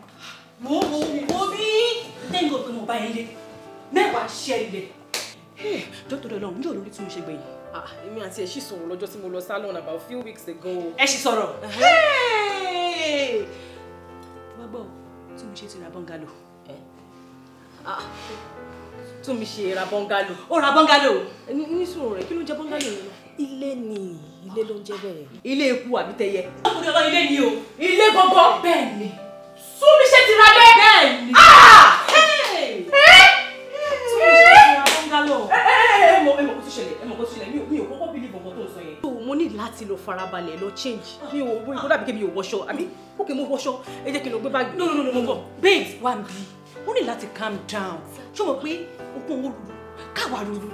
wo wo wo bí tẹ́ńgò tó mo bá yẹn lé mẹ́wàá ṣẹ́ ilẹ̀. dókítà ọlọ́run yóò lórí tí mo ṣe gbẹ̀yìn. Ah, èmi àti ẹ̀ ṣì sọ̀rọ̀ lọ́jọ́ tí mo lọ salon about few weeks ago. ẹ ṣì sọ̀rọ̀ wá gbọ́ tí mo ṣe ti ra bọ́ngálò. Ah, tí mo ṣe ra bọ́ngálò. ó ra bọ́ngálò. ní sùúrù rẹ kí ló ń jẹ bọ́ngálò yẹn. ilé ni ilé ló ń jẹ bẹ́ẹ̀. ilé ikú àbí tẹyẹ. ọkùnrin ọlọ́run ilé ni o. ilé gbogbo. bẹ́ẹ̀ ni. súnmi ṣe ti ra dé. bẹ́ẹ̀ ni. Ah! túnmí ṣe ti ra bọ́ngálò ṣẹlẹ̀ ẹ mọ̀ kó tó ṣẹlẹ̀ mi ò kọ́kọ́ believe ọkọ tó ń sọ yẹn. mo ní láti lọ farabalẹ̀ lọ change ah. mi ò bó ah. ìkó dàbí kí mi ò wọṣọ àbí ok mo wọṣọ ẹ jẹ́ kí n lọ gbé báàgì. no no no mo bọ̀ babes wà ń bí mo calm down ṣé o mọ̀ pé okun owó lulu káwa lulu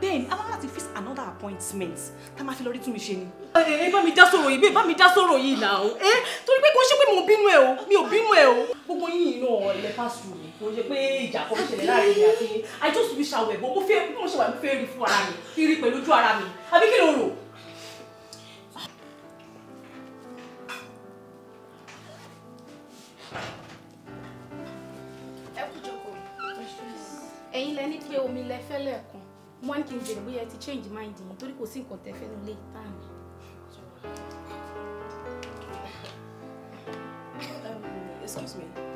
then a máa láti fix another appointment tá a máa fi lọ rí tún mi ṣe ni. ẹ eh, eh, bá mi dá sọ̀rọ̀ yìí bá mi dá sọ̀rọ̀ yìí náà ẹ eh, torí pé kò ṣe pé mo bínú ẹ o mi ò bínú ẹ o. gbogbo yìnyín náà ilẹ̀ pass through kò ṣe pé ìjà kan ṣẹlẹ̀ láàrin mi àti i just wish awẹ bó mo fẹ́ bí mo ṣe wà mo fẹ́ rí fún ara mi kí rí pẹ̀lú ojú ara mi àbí kí ló rò. ẹ̀yin lẹ ní pé omi lẹ fẹ́ lẹ́ẹ̀kan mo ní kí n bèrè bóyá ẹ ti change mind yín torí kò sí nǹkan tẹ́ fẹ́ nílé ìta excuse me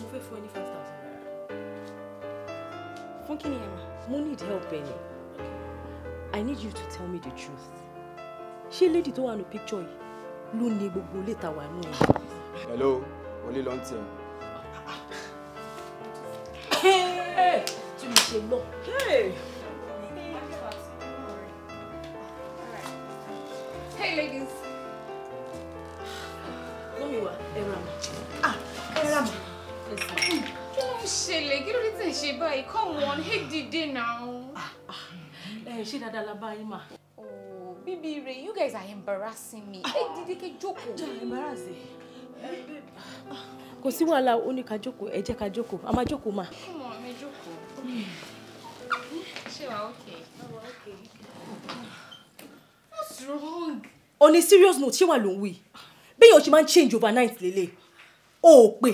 mo fẹ́ fún ẹ ní five thousand naira. fún kí ni ẹ mo need help ẹ ni i need you to tell me the truth ṣé lady tó wà ní picture yìí ló ní gbogbo ilé ìtawà nù ẹ. hello wọlé ló ń tẹ. tí mo ṣe lọ. báyìí come on hit the day now. ẹ eh, ṣé dáadáa la oh Bibi Ray you guys are embarrassing me. ẹ dídí ké jókòó. jẹ́ embarrassing. kò sí wàhálà ó ní ká jókòó ẹ jẹ́ ká jókòó a máa jókòó come on mi jókòó. ṣé wàá okay. what's wrong. on a serious note she wàá ló ń wí bí èèyàn change overnight Lily. Oh, ò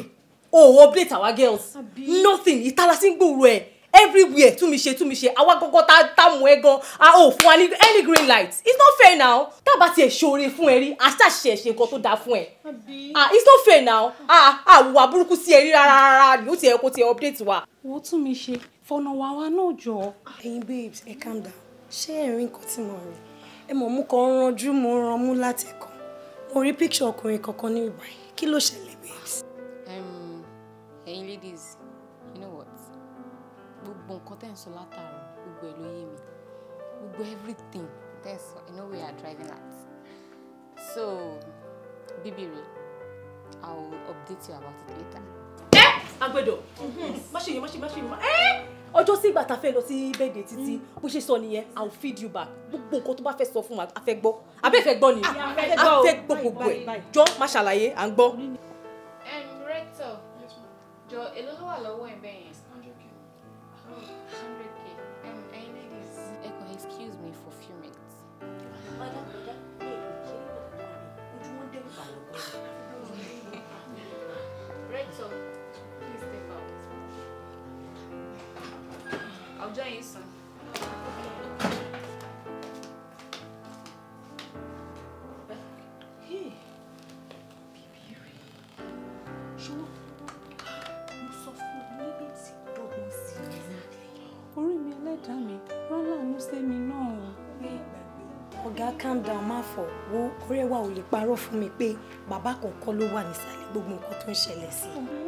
Oh update our girls nothing ìtalasí ń gbòòrò ẹ everywhere tún mi ṣe tún mi ṣe àwa gọgọ tá tá mú ẹ gan a ò fún wa ní any green light it's not fair now tá a bá tiẹ̀ ṣoore fún ẹ rí àti àṣìṣe ẹ̀ṣẹ̀ nǹkan tó dáa fún ẹ ah it's not fair now ah àwùwà burúkú sí ẹ rí rárá rárá ni ó ti ẹ kó tiẹ̀ update wa. wọ́n tún mi ṣe fọ̀nà wà wá náà jọ. ẹ̀yin babes ẹ calm down ṣé ẹ̀rín nǹkan tí mo rìn ẹ mọ̀ mú kan ranjú mo ran mú látẹ̀kọ́ mo rí píkṣọ ọkùnrin kankan ní ìbàyẹn kí ló ṣẹlẹ̀ babes ẹ̀yin ladies you know what gbogbo nǹkan tẹ́ ń sọ látàrọ gbogbo ẹ̀ ló yé mi gbogbo everything tẹ́ ń sọ I know we are driving at so Bibiri, I will update you about it later. ẹ agbẹdọ mhm. má ṣe yẹ má ṣe má ṣe má ẹ ọjọ́ sí ìgbà tá a fẹ́ lọ sí bẹ́ẹ̀dẹ̀ títí mm. bó ṣe sọ nìyẹn i will feed you back gbogbo nǹkan tó bá fẹ́ sọ fún wa a fẹ́ gbọ́ abẹ́ fẹ́ gbọ́ ni a fẹ́ gbọ́ gbogbo ẹ̀ jọ má ṣàlàyé à ń gbọ́. rector jọ èló ló wà lọ́wọ́ ẹ̀ bẹ́ẹ̀ yẹn. hundred k. hundred k ẹyin ladies. ẹ kàn excuse me for few minutes. Right. So. please step out. I'll join you soon. ọ̀gá calm down má fọ̀ wo ọ̀rẹ́ wa ò lè parọ́ fún mi pé bàbá kan ló wà nísàlẹ̀ gbogbo nǹkan tó ń ṣẹlẹ̀ sí i. Mm-hmm.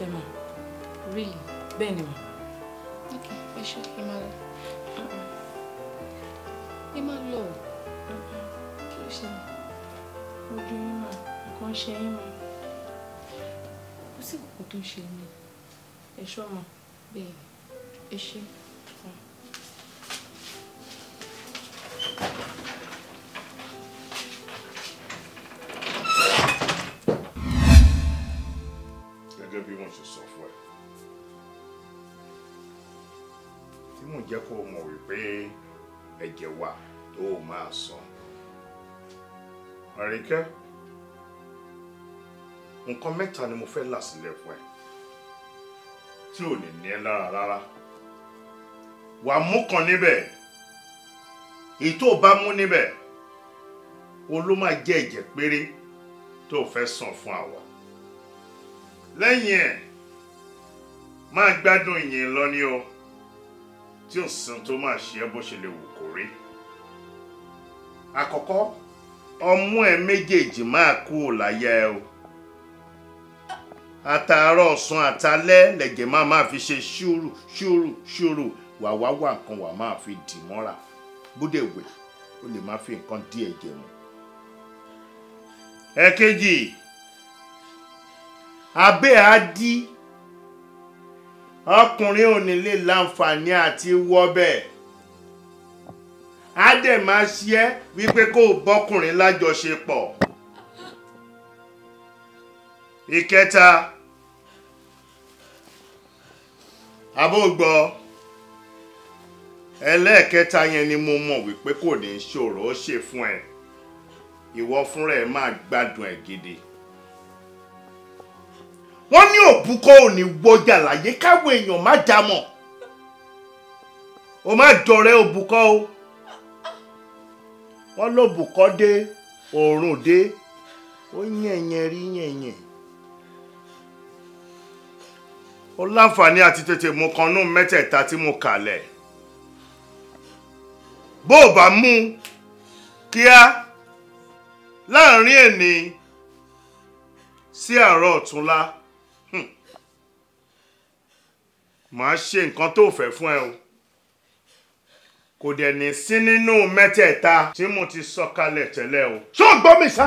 ṣe mà really bẹ́ẹ̀ ni mà. ok ẹ ṣe ẹ máa lọ ẹ máa lọ kí ló ṣe mà ojú yín mà nǹkan ṣe yín mà kò sí kòkó tó ń ṣe mí ẹ ṣọ́ mà bẹ́ẹ̀ ẹ ṣe. ẹ̀jẹ̀ wà tó o máa san. àríkẹ́ nǹkan mẹ́ta ni mo fẹ́ là sílẹ̀ fún ẹ tí ò ní ní ẹ lára rárá wà mú kan níbẹ̀ èyí tó o bá mú níbẹ̀ o ló máa jẹ́ ẹ̀jẹ̀ péré tó o fẹ́ san fún àwa lẹ́yìn ẹ̀ máa gbádùn ìyìn lọ ni o tí ò sàn tó máa ṣe é bó ṣe lè wù àkọ́kọ́ ọmú ẹ méjèèjì máa kú láyà ẹ o àtàárọ̀ ọ̀sán àtalẹ́ lẹ̀jẹ̀ máa máa fi ṣe ṣúrù ṣúrù ṣúrù wà wá wà nǹkan wà máa fi dì mọ́ra bódèwé ó lè máa fi nǹkan dí ẹ̀jẹ̀ mu. ẹ̀kejì abẹ́ á dí ọkùnrin ò ní lè láǹfààní àti wọ́bẹ̀ẹ́ á dẹ̀ máa ṣe ẹ́ wípé kó o bọ́kùnrin lájọṣepọ̀. ìkẹta abógbọ́ ẹlẹ́ẹ̀kẹta yẹn ni mo mọ̀ wípé kò ní ṣòro ó ṣe fún ẹ ìwọ fúnra ẹ máa gbádùn ẹ gidi wọ́n ní òbúkọ ò ní wọjà láyé káwọn èèyàn má dá mọ̀ o má dọ̀rẹ́ òbúkọ o wọ́n lòbùkọ́ dé òòrùn dé ó yẹ̀yẹ̀ rí yẹ̀yẹ̀ ó láǹfààní àti tètè mú kanú mẹ́tẹ̀ẹ̀ta tí mo kà lẹ̀ bó o bá mú kíá láàrin èní sí àárọ̀ ọ̀túnla hmm. màá ṣe nǹkan tó fẹ́ fún ẹ o kò dẹ̀ ní sí nínú mẹ́tẹ̀ẹ̀ta tí mo ti sọ kalẹ̀ tẹ́lẹ̀ o. ṣó gbọ́ mi sá.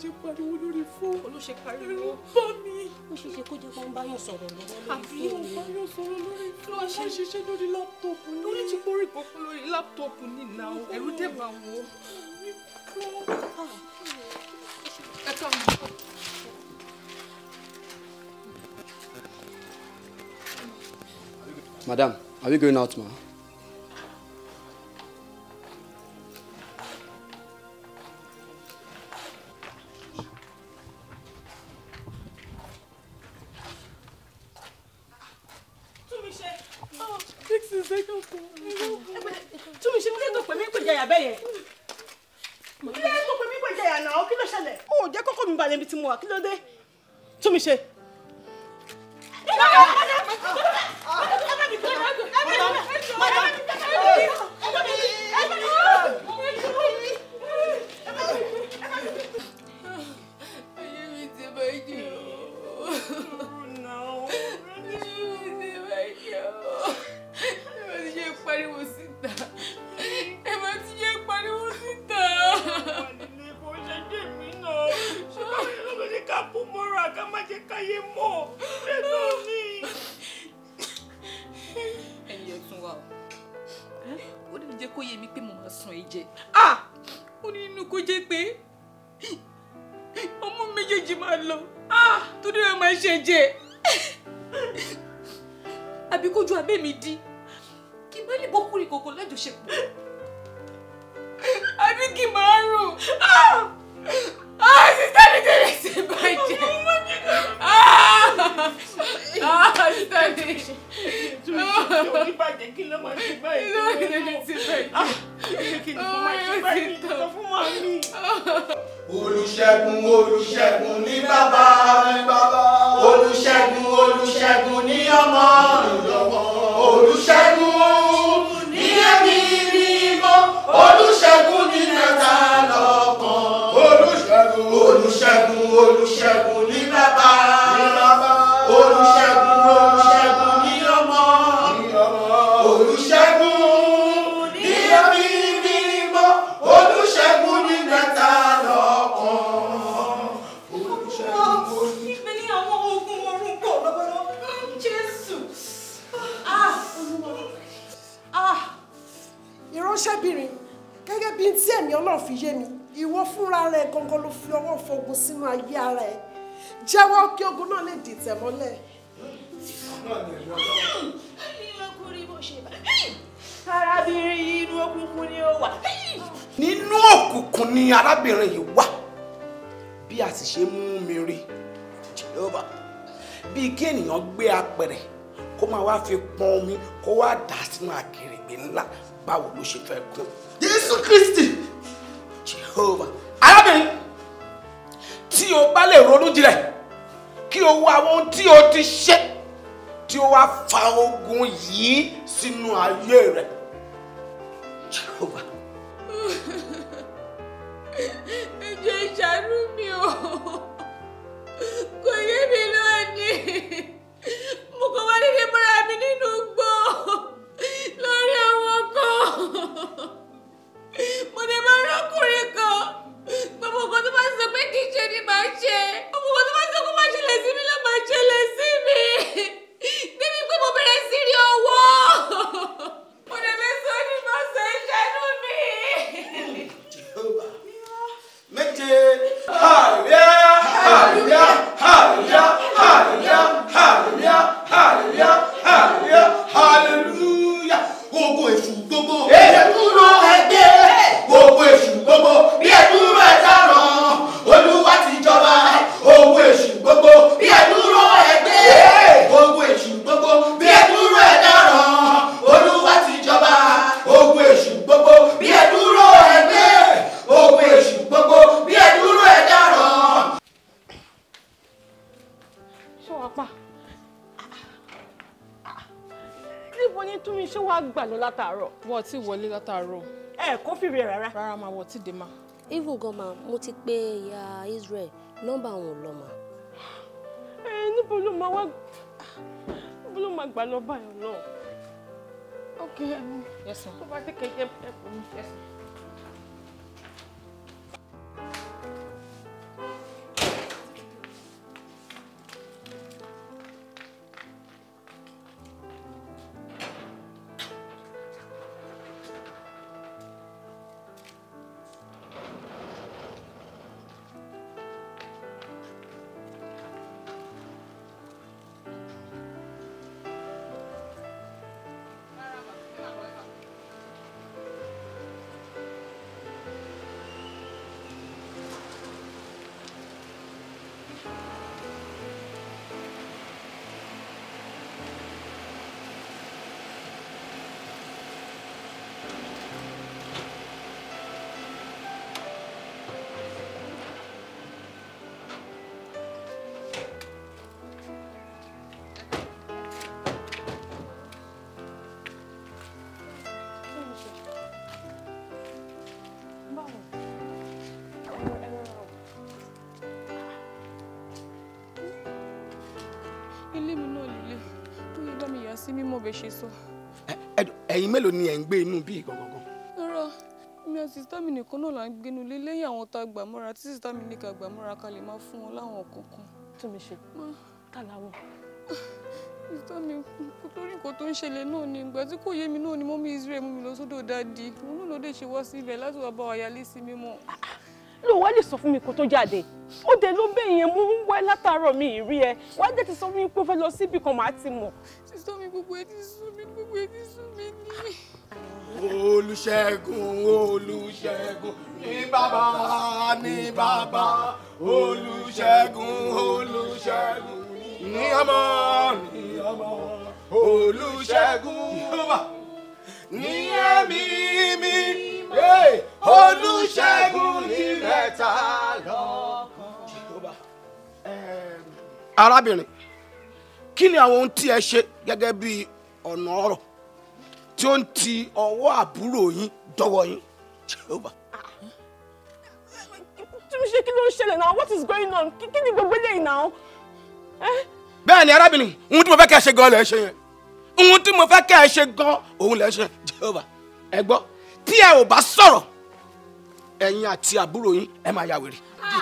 ṣe pariwo lórí fóònù. olú ṣe pariwo ẹ̀rù bá mi. ó ṣe ṣe kó jẹ́ kó ń bá yàn sọ̀rọ̀ lọ́wọ́ lórí fóònù. àbí ó yàn sọ̀rọ̀ lórí fóònù. wọ́n ń ṣiṣẹ́ lórí láptọ̀pù ní. lórí ti kórè kan fún lórí láptọ̀pù ní ìná o ẹ̀rù dẹ̀ máa wọ. ẹ kà mí. Madam, are you going out, ma? olho chegou. jẹ́wọ́ kí ogun náà lè dìtẹ̀ mọ́lẹ̀. arábìnrin yìí inú òkùnkùn ni ó wà. nínú òkùnkùn ni arábìnrin yìí wà bí a sì ṣe mú mi rí jehova bí kí ènìyàn gbé apẹ̀rẹ̀ kó máa wá fi pọn omi kó wá dà sínú àkèrègbè ńlá báwo ló ṣe fẹ́ kún. jésù kristi jehova arábìnrin tí o bá lè ronú jinlẹ̀ kí o wá ohun tí o ti ṣe tí o wá fa ogun yìí sínú ayé rẹ Jehova. ẹ jọ̀ọ́ ìṣàánú mi o kò yé mi lónìí mo kàn wá nílé mọ́ra mi nínú gbọ́ lórí àwọn kan mo ní bá rọ́kùnrin kan gbogbo nǹkan tó bá sọ pé kì í ṣe ni màá ṣe gbogbo nǹkan tó bá sọ pé má ṣẹlẹ̀ sí mi ló máa ṣẹlẹ̀ sí mi débi pé mo bẹ̀rẹ̀ sí rí owó mo lè fẹ́ sọ ní màá sọ ìṣẹ́nu mi. méje hàlùyá hàlùyá hàlùyá hàlùyá hàlùyá hàlùyá hàlùyá hàlùyá gbogbo èṣù gbogbo. èdè kúrò ẹgbẹ́. gbogbo èṣù gbogbo. bí ẹ̀dúró ẹ̀ta ràn án olúwa ti jọba. owó èṣù gbogbo. bí ẹ̀dúró ẹ̀ iṣẹ́ wa gbà lọ látàárọ̀. wọ́n ti wọlé látàárọ̀. ẹ kò fìrè rárá. rárá máa wọ tí de ma. even gan ma mo ti pe ìyá Israel nọ́mbà wọn ò lọ mà. ẹ níbo ló máa wá níbo ló máa gbà lọ báyọ̀ náà. ok yes ma. tó bá dé kẹ̀kẹ́ ẹ pọ̀ mi. yes sí mi mo bè ṣe sọ. ẹ̀yin mélòó ni ẹ̀ ń gbé inú bíi gangan. rárá mi àti sísá mi nìkan náà là ń gbénu lé lẹ́yìn àwọn tá a gbà mọ́ra tí sísá mi nìkan gbà mọ́ra ká lè máa fún wọn láwọn kọ̀ọ̀kan. tún mi ṣe ah, ká láwọn. sísá mi kú lórí nǹkan tó ń ṣẹlẹ̀ náà ni ìgbà tí kò yé mi náà ni mọ́mí Israel mú mi lọ sọ́dọ̀ dáàdi òun náà ló dé ṣe wá sí ibẹ̀ láti wá bá wa yálé sí mímọ́. Ah, ah ló wá lè sọ fún mi kó tó jáde ó dé ló bẹ yẹn mú wá látàárọ̀ mi ì rí ẹ wá dé ti sọ fún mi pé ó fẹ́ lọ síbi kan màá ti mọ̀. sísọ mi gbogbo ẹ ti sú mi gbogbo ẹ ti sú mi ní. olùṣègùn olùṣègùn ní bàbá ní bàbá olùṣègùn olùṣègùn ní ọmọ ní ọmọ olùṣègùn ní ẹ̀mí mi olùṣègùn ìrẹ̀ta lọ́kàn. arábìnrin kí ni àwọn ohun tí ẹ ṣe gẹ́gẹ́ bí ọ̀nà ọ̀rọ̀ tí ó ń ti ọwọ́ àbúrò yín dọ́wọ́ yín jehova. kí ló ń ṣẹlẹ̀ náà what is going on kí ni gbogbo eléyìí náà. bẹ́ẹ̀ ni arábìnrin ohun tí mo fẹ́ kẹ́ ẹ ṣe gan-an lẹ́ ṣe yẹn ohun tí mo fẹ́ kẹ́ ẹ ṣe gan-an òun lẹ́ ṣe jehova ẹ gbọ́ tí ẹ ò bá sọ̀rọ̀ ẹ̀yin àti àbúrò yín ẹ máa ya wèrè. Ah,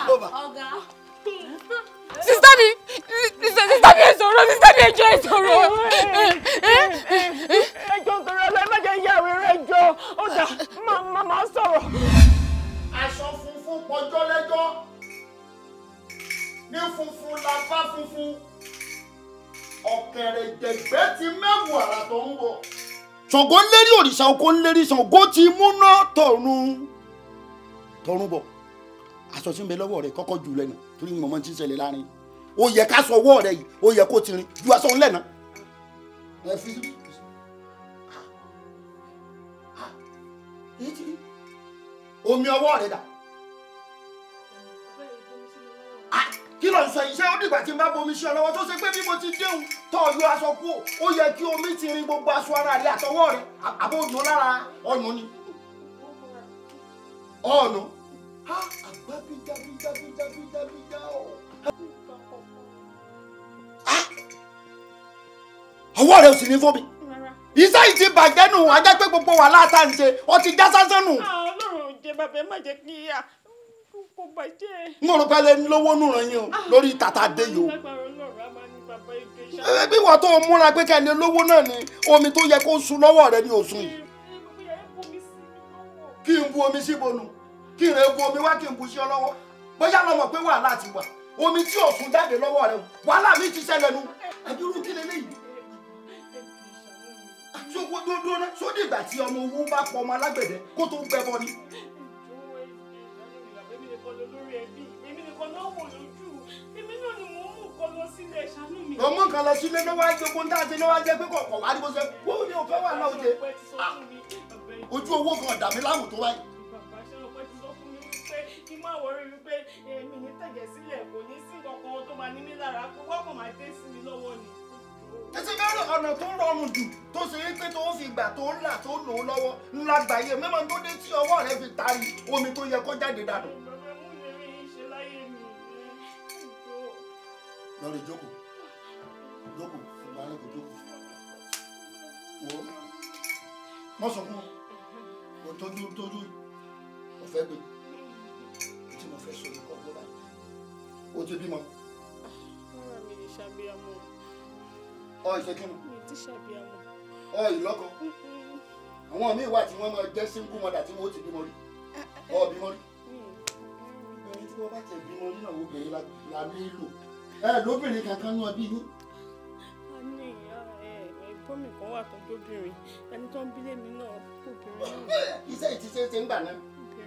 sista mi sista mi ẹ sọ̀rọ̀ sista mi ẹjọ́ ẹ sọ̀rọ̀. ẹjọ́ torí ọlọ́ ẹ má jẹ́ ya wèrè ẹjọ́ ó dà má má sọ̀rọ̀. aṣọ funfun pọjọ́ lẹ́jọ́ ní funfun la bá funfun ọ̀kẹ́rẹ́ jẹ̀gbẹ́ ti mẹ́wàá àrà tó ń bọ̀. Ṣàngó ń lérí òrìṣà oko ń lérí Ṣàngó ti múná tọ̀run tọrún bọ̀ aṣọ tí ń bẹ lọ́wọ́ rẹ kọ́kọ́ jù lẹ́nu torí mi mọ̀mọ́ ti ń ṣẹlẹ̀ láàrin ó yẹ ká sọ ọwọ́ rẹ yìí ó yẹ kó ti rin ju aṣọ òun lẹ́nà. ẹ fi omi ọwọ́ rẹ dà kí ló sọ iṣẹ́ ó dìgbà tí n bá bomi sí ọ tó ṣe pé bí mo ti déhùn tó yọ aṣọ kú ó yẹ kí omi ti rin gbogbo aṣọ ara rẹ àtọwọ́ rẹ àbójú lára ọ̀nà ni ọ̀nà ha àgbábíjábíjábíjábíjábíjá o. ọwọ́ rẹ ò sì ní fóbi iṣẹ́ yìí ti bàjẹ́ nù ajá pé gbogbo wà láta ń ṣe ó ti já sásán nù. Ah, ọlọ́run ò jẹ bàbá ẹ má jẹ́ kí a kò bàjẹ́. n ò rò pé lẹni lówó nùrọ̀ yín o ah, lórí tàtà dé yìí o. bí wọ́n tó múra pé kẹ́ni lówó náà ni omi tó yẹ kó sun lọ́wọ́ rẹ ni ò sun yìí. kí n bu omi síbonu kí n rẹ egun omi wá kí n bu sí ọ lọ́wọ́ bóyá lọ́mọ pé wàhálà ti wà omi tí ò sun jáde lọ́wọ́ rẹ wàhálà mi ti ṣẹlẹ̀ nu àbúrò kí leléyìí sóko dúdú náà sódì tí ọmọ owó bá pọ ọmọ alágbẹ̀dẹ kó tó ń gbẹbọ ni. ọmọ nǹkan lọ sílé ló wá jẹ́ kóńtà àti ló wá jẹ́ pé kọ̀ọ̀kan wá ní bó ṣe kó ní òfẹ́ wà náà ah! ojú owó kan dàbí láwùjọ báyìí má wọrí wípé èmi ní tẹ̀jẹ̀ sílẹ̀ kò ní sí kankan tó máa ní mí lára kókó máa dé sí mi lọ́wọ́ ni. títí bẹ́ẹ̀ ọ̀nà tó rọrùn jù tó ṣe é pé tó ń fi ìgbà tó ń là tó lò ó lọ́wọ́ ńlá gbàyè mímọ́ tó dé tí ọwọ́ rẹ fi tari omi tó yẹ kó jáde dànù. lọ́rọ̀ ìjókòó jókòó ìgbà rẹ kò jókòó wò ó mọ̀ sọ fún ọ tójú tójú ọ̀fẹ́ gbé tí mo fẹ́ sọ ní kọ́kọ́ báyìí o ti bímọ. rárá mi ní ṣàbíyamọ. ọ ìṣẹ́kínú. mi ti ṣàbíyamọ. ọ ìlọ́kọ. àwọn míì wà tí wọ́n máa jẹ́ single mother tí wọ́n ti bímọ rí. Ah, ọ eh. bímọ rí. ẹni tí wọ́n bá tẹ̀ bímọ rí náà obìnrin la nílò. ẹ lóbìnrin kankan náà bí yín. a ní ìyá ẹ ẹ̀gbọ́n mi kan wà tó dóbìnrin ẹni tó ń bílẹ̀ mi náà kò bẹ̀rẹ̀ náà. iṣẹ́ ìtìṣe ti ń gbà náà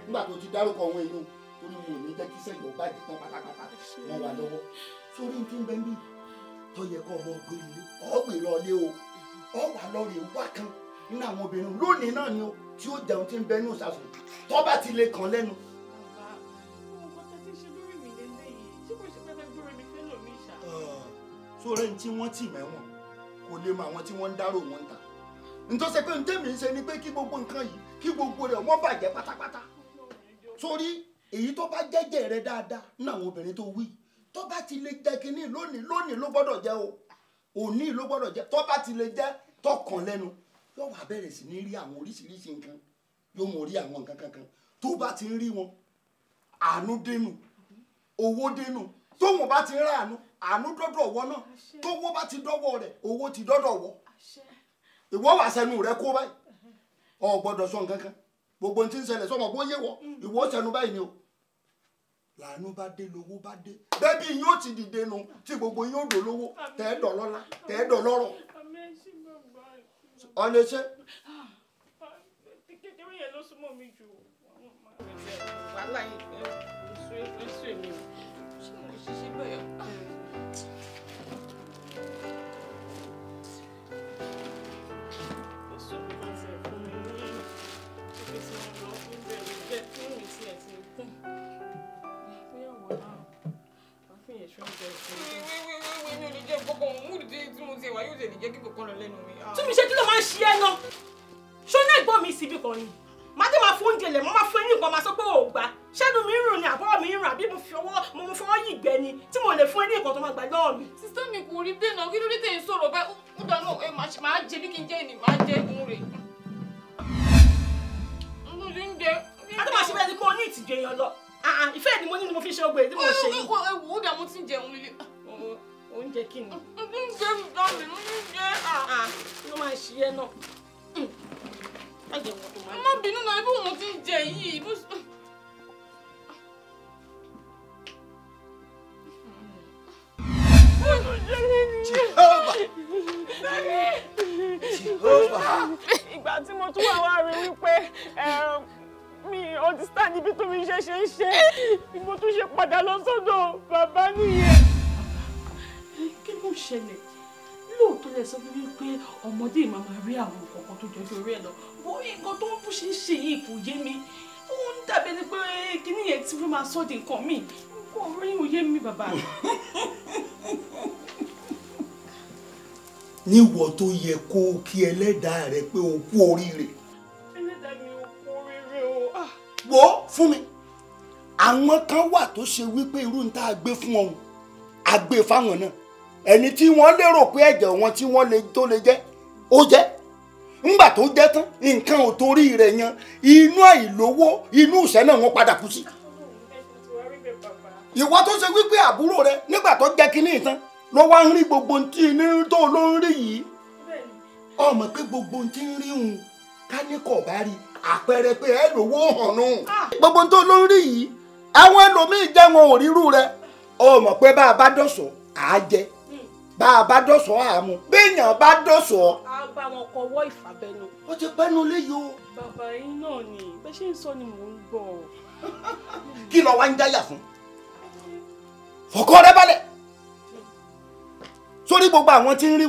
nígbà tó ti dárúkọ òun èèyàn torí wọn ò ní jẹ́ kí sẹ́yìn ọba jẹ́ tán pátápátá wọn wà lọ́wọ́ sórí ní tí ń bẹ ń tó yẹ kó ọmọ gbé ilé ọgbè lọlé o ọwà lọrẹ wá kan nínú àwọn obìnrin lónìí náà ni o tí ó jẹun tí ń bẹ nínú ìsàsùn tó bá ti lè kàn lẹ́nu. sórí ní tí wọ́n tì mẹ́wọ̀n kò lè mọ àwọn tí wọ́n ń dárò wọn ta ntọ́sẹ̀ pé ntẹ́mi ń ṣe ni pé kí gbogbo nǹkan yìí kí gbogbo rẹ̀ wọ́n bàjẹ́ pátápátá sórí èyí tó bá jẹ́jẹ́ rẹ dáadáa ní àwọn obìnrin tó wí tó bá ti lè jẹ́ kínní lónìí lónìí ló gbọ́dọ̀ jẹ́ o òní ló gbọ́dọ̀ jẹ́ tó bá ti lè jẹ́ tọkàn lẹ́nu yóò wá bẹ̀rẹ̀ sí ní rí àwọn oríṣiríṣi nǹkan yóò mọ̀ rí àwọn nǹkan kankan tó bá ti ń rí wọn àánú dénú owó dénú tóun bá ti ń rà àánú àánú dọ́dọ̀ wọ náà tówó bá ti dọ́wọ́ rẹ̀ owó ti dọ́dọ̀ wọ ìwọ wàá sẹnu rẹ kó báyìí o gbọ́dọ̀ sọ nǹkan kan gbogbo tí ń ṣẹlẹ̀ sọmọ bó yé wọ mm. ìwọ sẹnu báyìí ni o làánú bá dé lówó bá dé bẹ́ẹ̀bí yín ó ti dìde nu tí gbogbo yín ó dò lówó tẹ́ẹ̀dọ̀ lọ́la tẹ́ẹ̀dọ̀ lọ́rọ̀ ọ̀nà ṣe. Ah, wàhálà yìí ẹ̀ sún èmi ò ṣe mo ṣiṣẹ́ bẹ́ẹ̀. Ah. mi ò lè jẹ́ kókó múùdù tí mo ti wà yóò tẹ̀lé jẹ́ kí kòkó lọ lẹ́nu mi. túnbí ṣe kí ló máa ń ṣe ẹ náà ṣó ní ẹ̀gbọ́n mi síbi kan ni má dé máa fún oúnjẹ lẹ̀ mọ́ máa fún ẹni nǹkan máa sọ pé ò gbà ṣẹ́nu mi ń rùn ni àbọ̀ mi ń rùn àbí mo fi ọwọ́ mo mo fọwọ́ yìí gbẹ ni tí mo lè fún ẹni nǹkan tó máa gbà lọ́ọ̀ mi. sísá mi kò rí bẹ́ẹ̀ náà kí ló dé tẹ̀ ń sọ̀rọ̀ bẹ́ẹ̀ ó dáná ẹ máa jẹ bí kí n jẹ́ ẹni máa jẹ ẹ̀gún rẹ̀. mo ti ń jẹ. a tó máa ṣe bẹ́ẹ̀ ni kó o ní ìtìjú èèyàn lọ Ah, ah, ìfẹ́ ni mo ní ni mo fi ṣe ọgbẹ́ tí mo ṣe yìí. ewu ó dààmú tí ń jẹun líle. Ah, oúnjẹ kí ni. oúnjẹ mi dán mi oúnjẹ. kí ló máa ń ṣiyẹ náà. Hmm. ẹ má bínú náà ibú mo ti ń jẹ yìí. Jehovah! Jehovah! Ìgbà tí mo tún wà wá rí wípé eh, mi understand ibi tó mi ṣe ṣe ń ṣe ni mo tún ṣe padà lọ sọ́dọ̀ bàbá nìyẹn. kí ló ń ṣẹlẹ̀ lóòótọ́ lẹ sọ fún mi pé ọmọdé màá máa rí àwọn kọ̀ọ̀kan tó jọjọ rí ẹ lọ bó nǹkan tó ń bú ṣe ń ṣe yìí kò yé mi ó ń dàbí ẹni pé kíní yẹn ti fi máa sọ di nǹkan mi kò rí òye mi bàbá. níwọ̀ tó yẹ kó kí ẹlẹ́dàá rẹ pé o kú oríire wò fún mi àwọn kan wà tó ṣe wípé irú níta gbé fún ọ̀hún àgbè e fáwọn náà ẹni tí wọ́n lérò pé ẹ̀jẹ̀ wọn tí wọ́n lè tó lè jẹ́ ó jẹ́ ńgbà tó jẹ́ tán nǹkan ò torí rẹ̀ yan inú àìlówó inú ìṣẹ́ náà wọ́n padà kú sí. ìwọ tó ṣe wípé àbúrò rẹ nígbà tó jẹ́ kínní ìtàn ló wá ń rí gbogbo tí ní tó ló ń rí yìí ọmọ pé gbogbo tí ń rí òun ká ní kọ̀ rí i àpẹẹrẹ pé ẹ lówó hàn nù. Ah. gbogbo tó lórí yìí àwọn ẹlòmíì jẹ́ wọn ò rírú rẹ o mọ̀ pé bá a bá dọ̀sọ̀ àá jẹ hmm. bá a bá dọ̀sọ̀ àá mu béèyàn bá dọ̀sọ̀. a bá wọn kọ wọ ìfàbẹnu. ó ti bẹnu léyìí o. bàbá yín náà ni bẹ́ẹ̀ ṣe ń sọ ni mò ń gbọ́. kí ló wá ń jáyà fún fọkàn rẹ balẹ̀ sórí gbogbo àwọn tí ń rí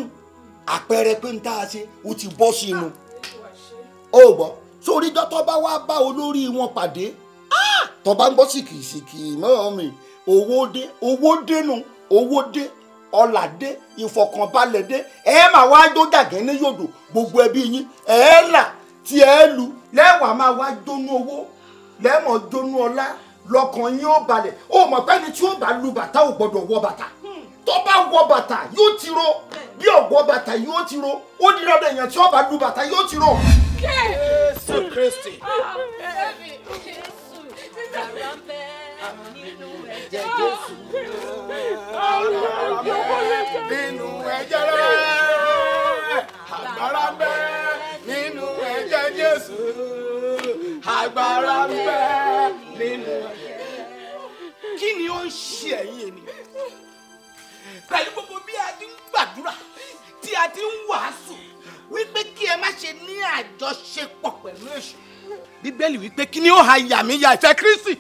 àpẹẹrẹ pé ń tá a ṣe o ti bọ́ sí o ah, gbọ́ sórí ìjọ tó bá wá bá olórí wọn pàdé ah! tó bá ń gbọ́ sìkìsìkì náà mi owó dé owó dé nu owó dé ọlà dé ìfọ̀kànbalẹ̀ dé ẹ máa wá jó gàgẹ́ ní yòdò gbogbo ẹbí yín ẹ là tí ẹ lu lẹ́wàá máa wá jónú owó lẹ́mọ̀ jónú ọlá lọ́kàn yín ó balẹ̀ ó mọ̀ pẹ́ni tí ó bá lu bàtà ò gbọ́dọ̀ wọ bàtà hmm. tó bá wọ bàtà yóò ti ro bí ọ̀gbọ́ bàtà yóò ti ro ó di dandan èèyàn tí ó bá lu bàtà yóò ti ro. Yeah. Jésù Kristi. Nínú ẹ̀jẹ̀ rẹ̀. Agbára ń bẹ. Nínú ẹ̀jẹ̀ Jésù. Agbára ń bẹ. Nínú ẹ̀jẹ̀ kí ni ó ń ṣe ẹ̀yin ènìyàn pẹ̀lú gbogbo bí a ti ń gbàdúrà tí a ti ń wàásù wípé kí ẹ má ṣe ní àjọṣepọ̀ pẹ̀lú èṣù bíbélì wípé kí ni ó ha ìyà mi ya ìfẹ́ Kristi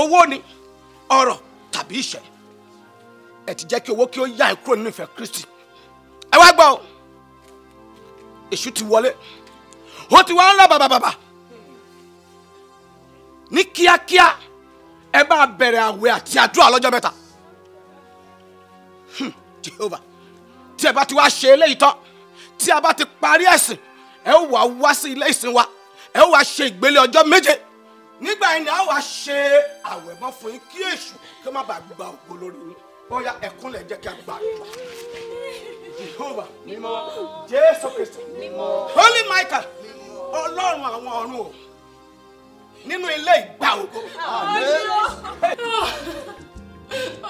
owó ni ọrọ̀ tàbí ìṣẹ́ ẹ ti jẹ́ kí owó kí ó yà ẹ́ kúrò nínú ìfẹ́ Kristi ẹ wá gbọ́ o èṣù ti wọlé ó ti wá ń lọ bàbàbàbà ní kíákíá ẹ bá bẹ̀rẹ̀ àwẹ̀ àti àdúrà lọ́jọ́ mẹ́ta hmm, Jehovah tí ẹ bá ti wá ṣe eléyìí tán tí a bá ti parí ẹ̀sìn ẹ ó wá sí ilé ìsìn wa ẹ ó ṣe ìgbélé ọjọ́ méje nígbà yẹn ni a wá ṣe àwẹ̀mọ́ fún yín kí èṣù kí má bàa gba ògo lórí yín bóyá ẹ̀kúnlẹ̀ jẹ́ kí a gbà àdúrà jehova mímọ́ jésù kristu holy michael ọlọ́run àwọn ọ̀run o nínú ilé ìgbà ògo.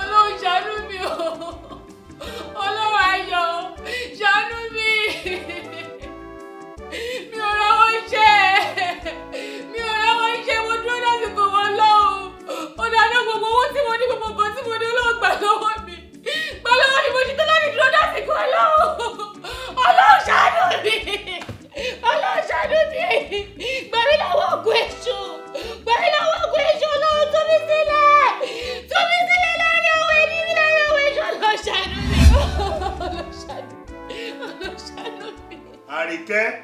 ọlọ́run ṣàánú mi o ọlọ́run ayọ̀ ṣàánú mi mi ò rọwọ́ ṣe mi ò rọwọ́ ṣe mo dúró lásìkò wọn lọ́wọ́ ọ̀nà gbogbo owó tí mo ní gbogbo nǹkan tí mo ní olóò gbà lọ́wọ́ mi gbà lọ́wọ́ mi mo ṣe tó láti dúró lásìkò ọlọ́wọ́ ọlọ́wọ́ ṣàánú mi ọlọ́wọ́ ṣàánú mi gbà mí lọ́wọ́ ògùn èṣù gbà mí lọ́wọ́ ògùn èṣù ọlọ́wọ́ tó sílẹ̀ tó sílẹ̀. àríkẹ́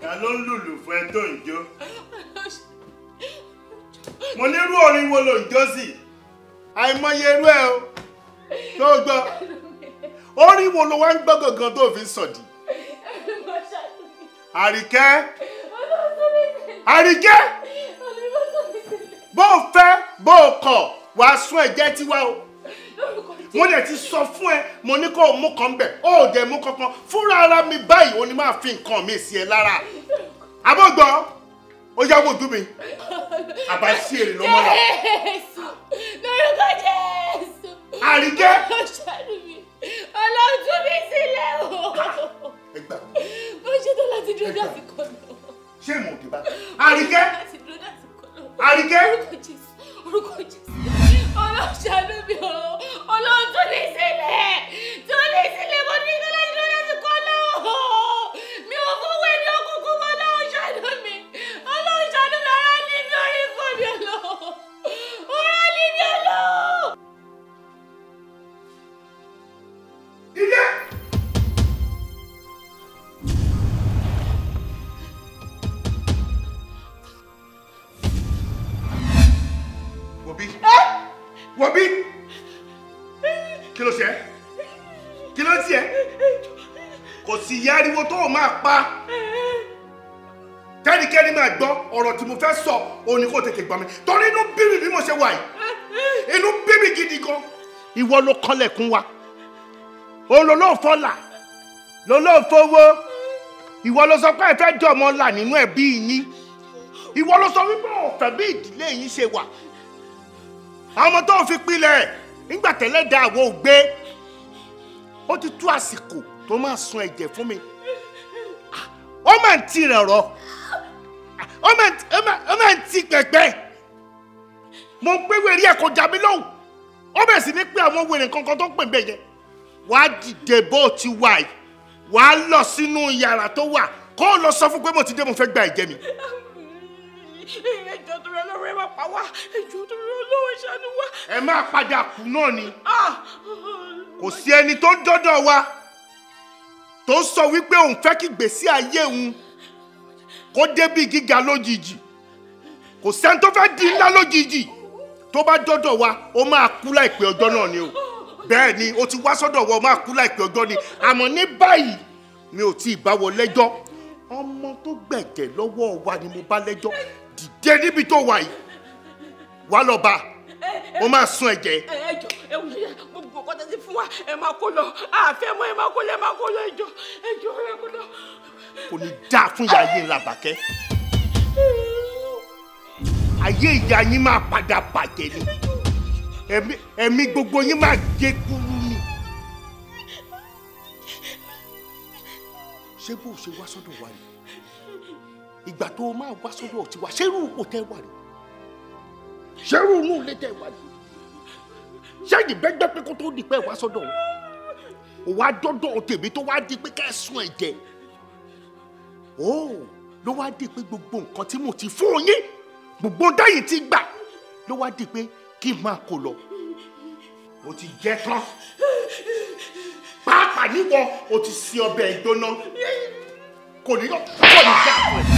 ta ló ń lùlù fún ẹ tó ń jó mo nírú orin wo ló ń jó sí àìmọye irú ẹ o tó gbọ́ orin wo ló wá ń gbọ́ gangan tó fi ń sọ̀dí àríkẹ́ àríkẹ́ bó fẹ́ bó kọ̀ wàá sún ẹ̀jẹ̀ tiwa o mo dẹ̀ ti sọ fún ẹ mo ní kó o mú kan bẹ̀ ó ò dẹ̀ mú kankan fúnra ara mi báyìí ó ní máa fi nǹkan mi sí ẹ lára àbọ̀gbọ́ ó yá wojú mi àbá sí èrè ló mọ́ la. Jésù lórúkọ Jésù. àríkẹ́. ọlọ́dún mi sílẹ̀ o. ẹ gbà mí. mo ṣètò láti dúró láti kọ́ lọ. ṣé mo dìbà. àríkẹ́. àríkẹ́. orúkọ Jésù orúkọ Jésù ọlọ́ṣàánú mi o ọlọ́run tún ní sílẹ̀ tún ní sílẹ̀ mo ní kí lóyún ọ̀rọ̀ tí mo fẹ́ sọ òun ni kò tètè gbà mí torí inú bí mi bí mo ṣe wà yìí inú bí mi gidi gan. ìwọ ló kọlẹ̀kùn wa òun ló ló fọlà ló ló fowó ìwọ ló sọ pé ẹ fẹ́ jọ ọmọ là nínú ẹbí yín ìwọ ló sọ wípé ọ̀fẹ́ bí ìdílé yín ṣe wà àwọn ọmọ tó fi pilẹ̀ nígbà tẹ́lẹ̀ da àwọ̀ ògbé ó ti tú àsìkò tó máa sun ẹ̀jẹ̀ fún mi ah, ó máa ń tirẹ̀ rọ ó máa ń ti gbẹ̀gbẹ́ mo ń gbé wẹ̀rí ẹ̀kọ́ jà mí lóhùn ó bẹ̀ sí ní pé àwọn wẹ̀rẹ̀ kankan tó ń pè ń bẹ̀ yẹn wàá dìde bó o ti wà yìí wàá lọ sínú yàrá tó wà kó o lọ sọ fún pé mo ti dé mo fẹ́ gba ẹ̀jẹ̀ mi ẹjọ tó rẹ lọ́rọ̀ ẹ má pa wá ẹjọ tó rẹ lọ́wọ́ ṣàánú wá. ẹ máa padà kú náà ni ah! kò sí ẹni tó ń dọ́dọ̀ wa tó sọ wípé òun fẹ́ kí gbèsè ayé òun kó débi gíga lójijì kò sẹ́ni tó fẹ́ di ńlá lójijì tó bá dọ́dọ̀ wa ó máa kú láìpẹ́ ọjọ́ náà ni o bẹ́ẹ̀ ni o ti wá sọ́dọ̀ wa ó máa kú láìpẹ́ ọjọ́ ni àmọ́ ní báyìí mi ò tí ì bá wọ lẹ́jọ́ ọmọ tó gbẹ̀gẹ̀ lọ́wọ́ wa ni mo bá lẹ́jọ́ dìde níbi tó wà yìí wá lọ bá mo máa sun ẹ̀jẹ̀. ẹ jọ ẹ wù yà gbogbo kọ́tà sí fún wa ẹ máa kó lọ àfẹ́ mọ́ ẹ máa kó lọ ẹ máa kó lọ ẹ jọ ẹ jọ ẹ kó lọ kò ní dáa fún ìyá ayé ńlá bàkẹ́ ayé ìyá yín máa padà bàjẹ́ ni ẹ̀mí gbogbo yín máa gé kúrú ni. ṣé bó o ṣe wá sọ́dọ̀ wa ni ìgbà tó o máa wá sọ́dọ̀ ọ̀tí wa ṣerú ipò tẹ́ wà ni ṣerú inú ilé tẹ́ wà ni ṣẹ́yìn bẹ́gbẹ́ pé kó tó di pé wá sọ́dọ̀ o wá dọ́dọ̀ tèmi tó wá di pé kẹ́sùn ẹ̀jẹ̀ ó oh, ló wá dé pé gbogbo nǹkan tí mo ti fún yín gbogbo dáyìí ti gbà ló wá dé pé kí n máa kó lọ o ti jẹ tán pàápàá níwọ o ti sè ọbẹ̀ ìgbóná kò ní kò ní dáàbò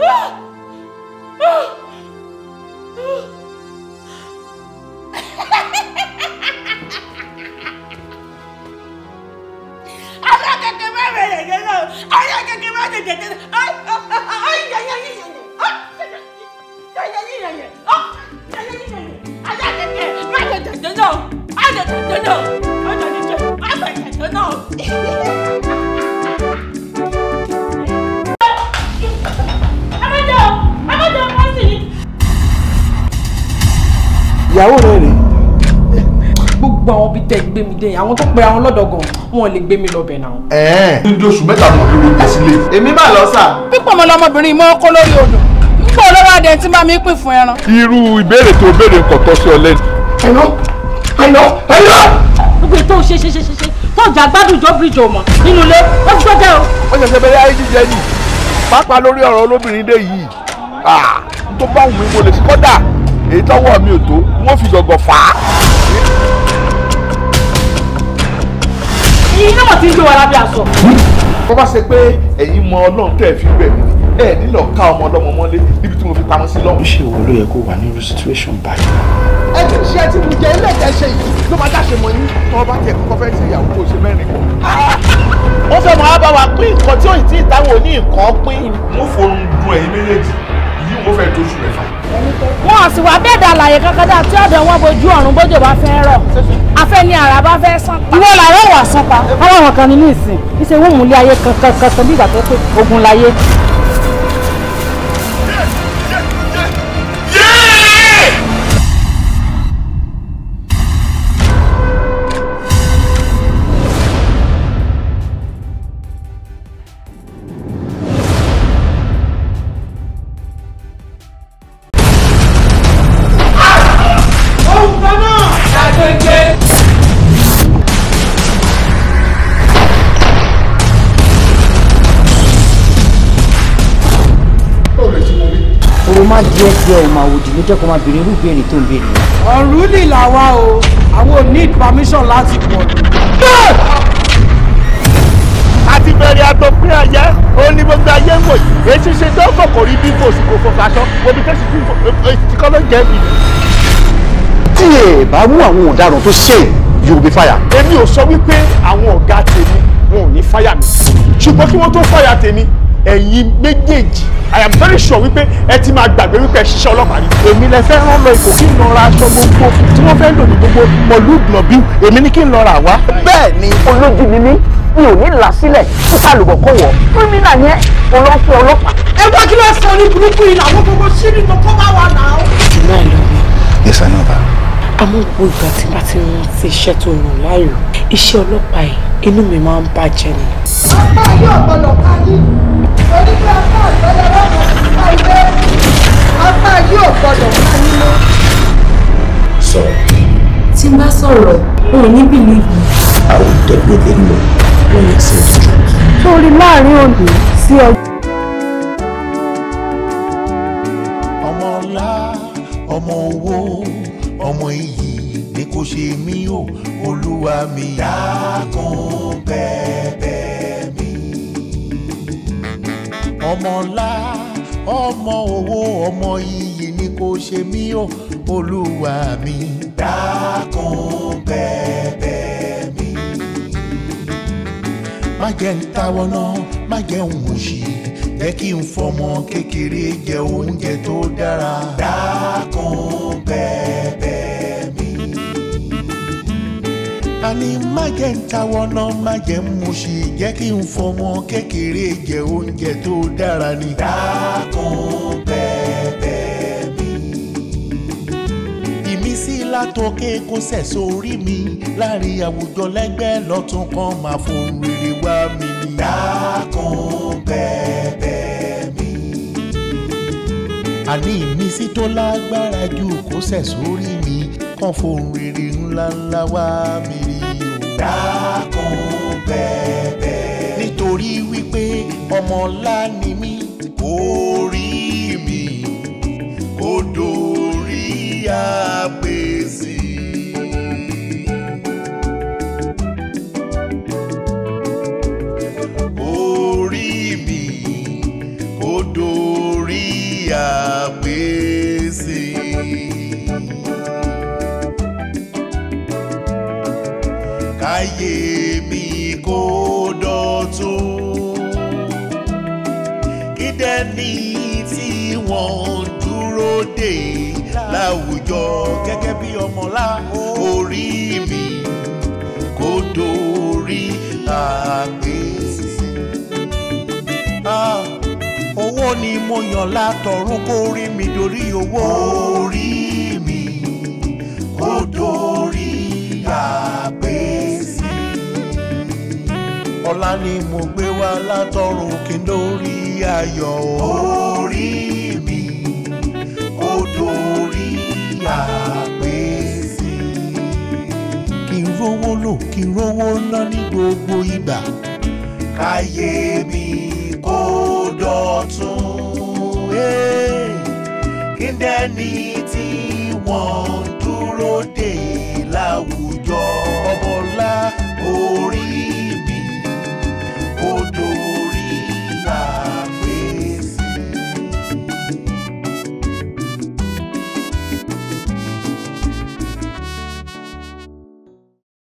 ẹ. ìyàwó rẹ rèé gbogbo àwọn bíi tẹ́ gbé mi dé àwọn tó pe àwọn lọ́dọ̀ gan wọn lè gbé mi lọ bẹ̀ náà. ẹ̀ẹ́n ní oṣù mẹ́ta ló ló jẹ sílé. èmi máa lọ sà. pípọ̀ mọ́ lọmọbìnrin mọ́ kó lórí odò nígbà olóró adé tí bá mi pín fún ẹran. irú ìbéèrè tó béèrè ń kọ̀tọ́ sí ọ lẹ́nu. ẹ̀nà ẹ̀nà ẹ̀nà. gbogbo ètò ṣe ṣe ṣe ṣe tó jà gbádùn jọ bíríjì ọmọ nínú ilé ó ti tọ́jà o. ó ṣẹ̀ṣẹ̀ bẹ̀rẹ̀ ayé jíjẹ yìí pápá lórí ọ̀rọ̀ olóbìnrin dé yìí iná mọ̀ tí ń gbé wa bá ṣe pé ẹ̀yin mọ ọlọ́run tẹ́ ẹ fi bẹ̀ mí ẹ nílò ká ọmọ ọlọ́mọ mọ́lé níbi tí mo fi pamọ́ sí lọ́wọ́. ṣé wo ló yẹ kó wà nírú situation báyìí. ẹ kì í ṣe tí mo jẹ ilé ẹ̀jẹ̀ ṣe yìí ló máa dáṣe mọ yín. tọ́ bá tiẹ̀ kọ́kọ́ fẹ́ẹ́ ṣe ìyàwó kó ṣe mẹ́rin ó fẹ́ mọ́ á pín nǹkan tí òyìn tí ìtàwọn ò ní nǹkan pín. mo forun dun ẹ̀yin méjèèjì ó fẹ́ tó oṣù mẹ́fà. wọn ò sì wá bẹ́ẹ̀ dà láyé kankan dà tí ọ̀dọ̀ wọn bojú ọ̀run bójú bá fẹ́ rọ̀ afẹ́ ni ara bá fẹ́ sán pa. ìwọ làárọ̀ wà sán pa. aláwọ̀ kan ni ní ìsìn ìṣe wọ́n mú ilé ayé kankan kankan bí ìgbà tó pé ogun láyé. ẹgbẹ́ ohun àwòdì ló jẹ́ kó máa tó ń béèrè. ọ̀rùn lì làwa o àwọn ò ní permission láti pọ̀ ní. àti bẹ̀rẹ̀ àtọ̀pín àyẹ́ òun ni gbogbo ayé ń wò yìí èsì ṣe tó kọ̀kọ̀ rí bí kò sì kò fọ kaṣọ omi tẹ́sí tí kọ́ ló jẹ́ mi. tí ẹ bá mú àwọn ọ̀daràn tó ṣe you will be fire. èmi ò sọ wípé àwọn ọ̀gá tèmi wọn ò ní fáyà mi ṣùgbọ́n kí wọ́n tó fáyà tèmi ẹ̀yin méjèèjì I am very sure wípé ẹ ti máa gbàgbé wípé ẹ ṣiṣẹ́ ọlọ́pàá ni. èmi lẹ fẹ́ rán lọ Èkó kí n lọ ra aṣọ gbogbo tí wọ́n fẹ́ lò ní gbogbo mọ̀lúùgbọ̀nbí èmi ni kí n lọ rà wá. bẹ́ẹ̀ ni olójú mi ní mi ò ní là sílẹ̀ kí kálùbọ̀ kó wọ̀ kírímìnà yẹn ọlọ́fún ọlọ́pàá. ẹ wá kí ló sọ ní burúkú yìí làwọn gbogbo sí ni mo kọ́ bá wà náà. ìná ẹ̀ lọ́wọ́ yes i know that. àmọ́ gbogbo ìgbà tí bá ti rán sí iṣẹ́ tó yàn láàyò iṣẹ́ ọlọ́pàá yìí inú mi máa ń bàjẹ́ ni. ọ̀pá yóò gbọ́dọ̀ ká yín torí pé apá àgbẹ̀lẹ̀ lọ́kàn apá ilé apá I will definitely know when you say the truth. sórí láàrin òde sí ọjọ́. ọmọ ọlá ọmọ owó ọmọ iyì ni kò ṣe mí o olúwa mi dákun. ọmọ ńlá ọmọ owó ọmọ iyì ni kò ṣe mí o olúwa mi. dákun bẹ̀bẹ̀ mi. má jẹ́ ń táwọ́ náà má jẹ́ ń wòṣì jẹ́ kí n fọmọ kékeré jẹ oúnjẹ tó dára. dákun bẹ̀bẹ̀ àní má ń tawọ́ náà má ń mu sí jẹ́ kí n fọmọ kékeré jẹ oúnjẹ tó dára ni. dákun bẹ́ẹ̀ mi. ìmísí látòkè kó sẹ̀ sórí mi láàrin àwùjọ lẹ́gbẹ́ lọ́tún kan máa fún rere wá mi ni. dákun bẹ́ẹ̀ mi. àní ìmísí tó lágbára ju kó sẹ̀ sórí mi kan fún rere ńláńlá wá mi dákun bẹ̀bẹ̀. nítorí wípé ọmọ ńlá ni mí orí mi kò dórí àpèsè. orí mi kò dórí àpèsè. wọn dúró dè láwùjọ gẹ́gẹ́ bí ọmọlá orí mi kò dórí àgbèsè. owó ni mo yàn látọ̀run kó rí mi dorí owó. orí mi kò dórí àgbèsè. ọlá ni mo gbé wá látọ̀run kí n lórí ayọ̀ orí mi. dá pé sí. kí n rówó lò kí n rówó ná ní gbogbo ìgbà. káyé mi kó dọ̀tun. Eh. kí n dẹ́ni tí wọ́n dúró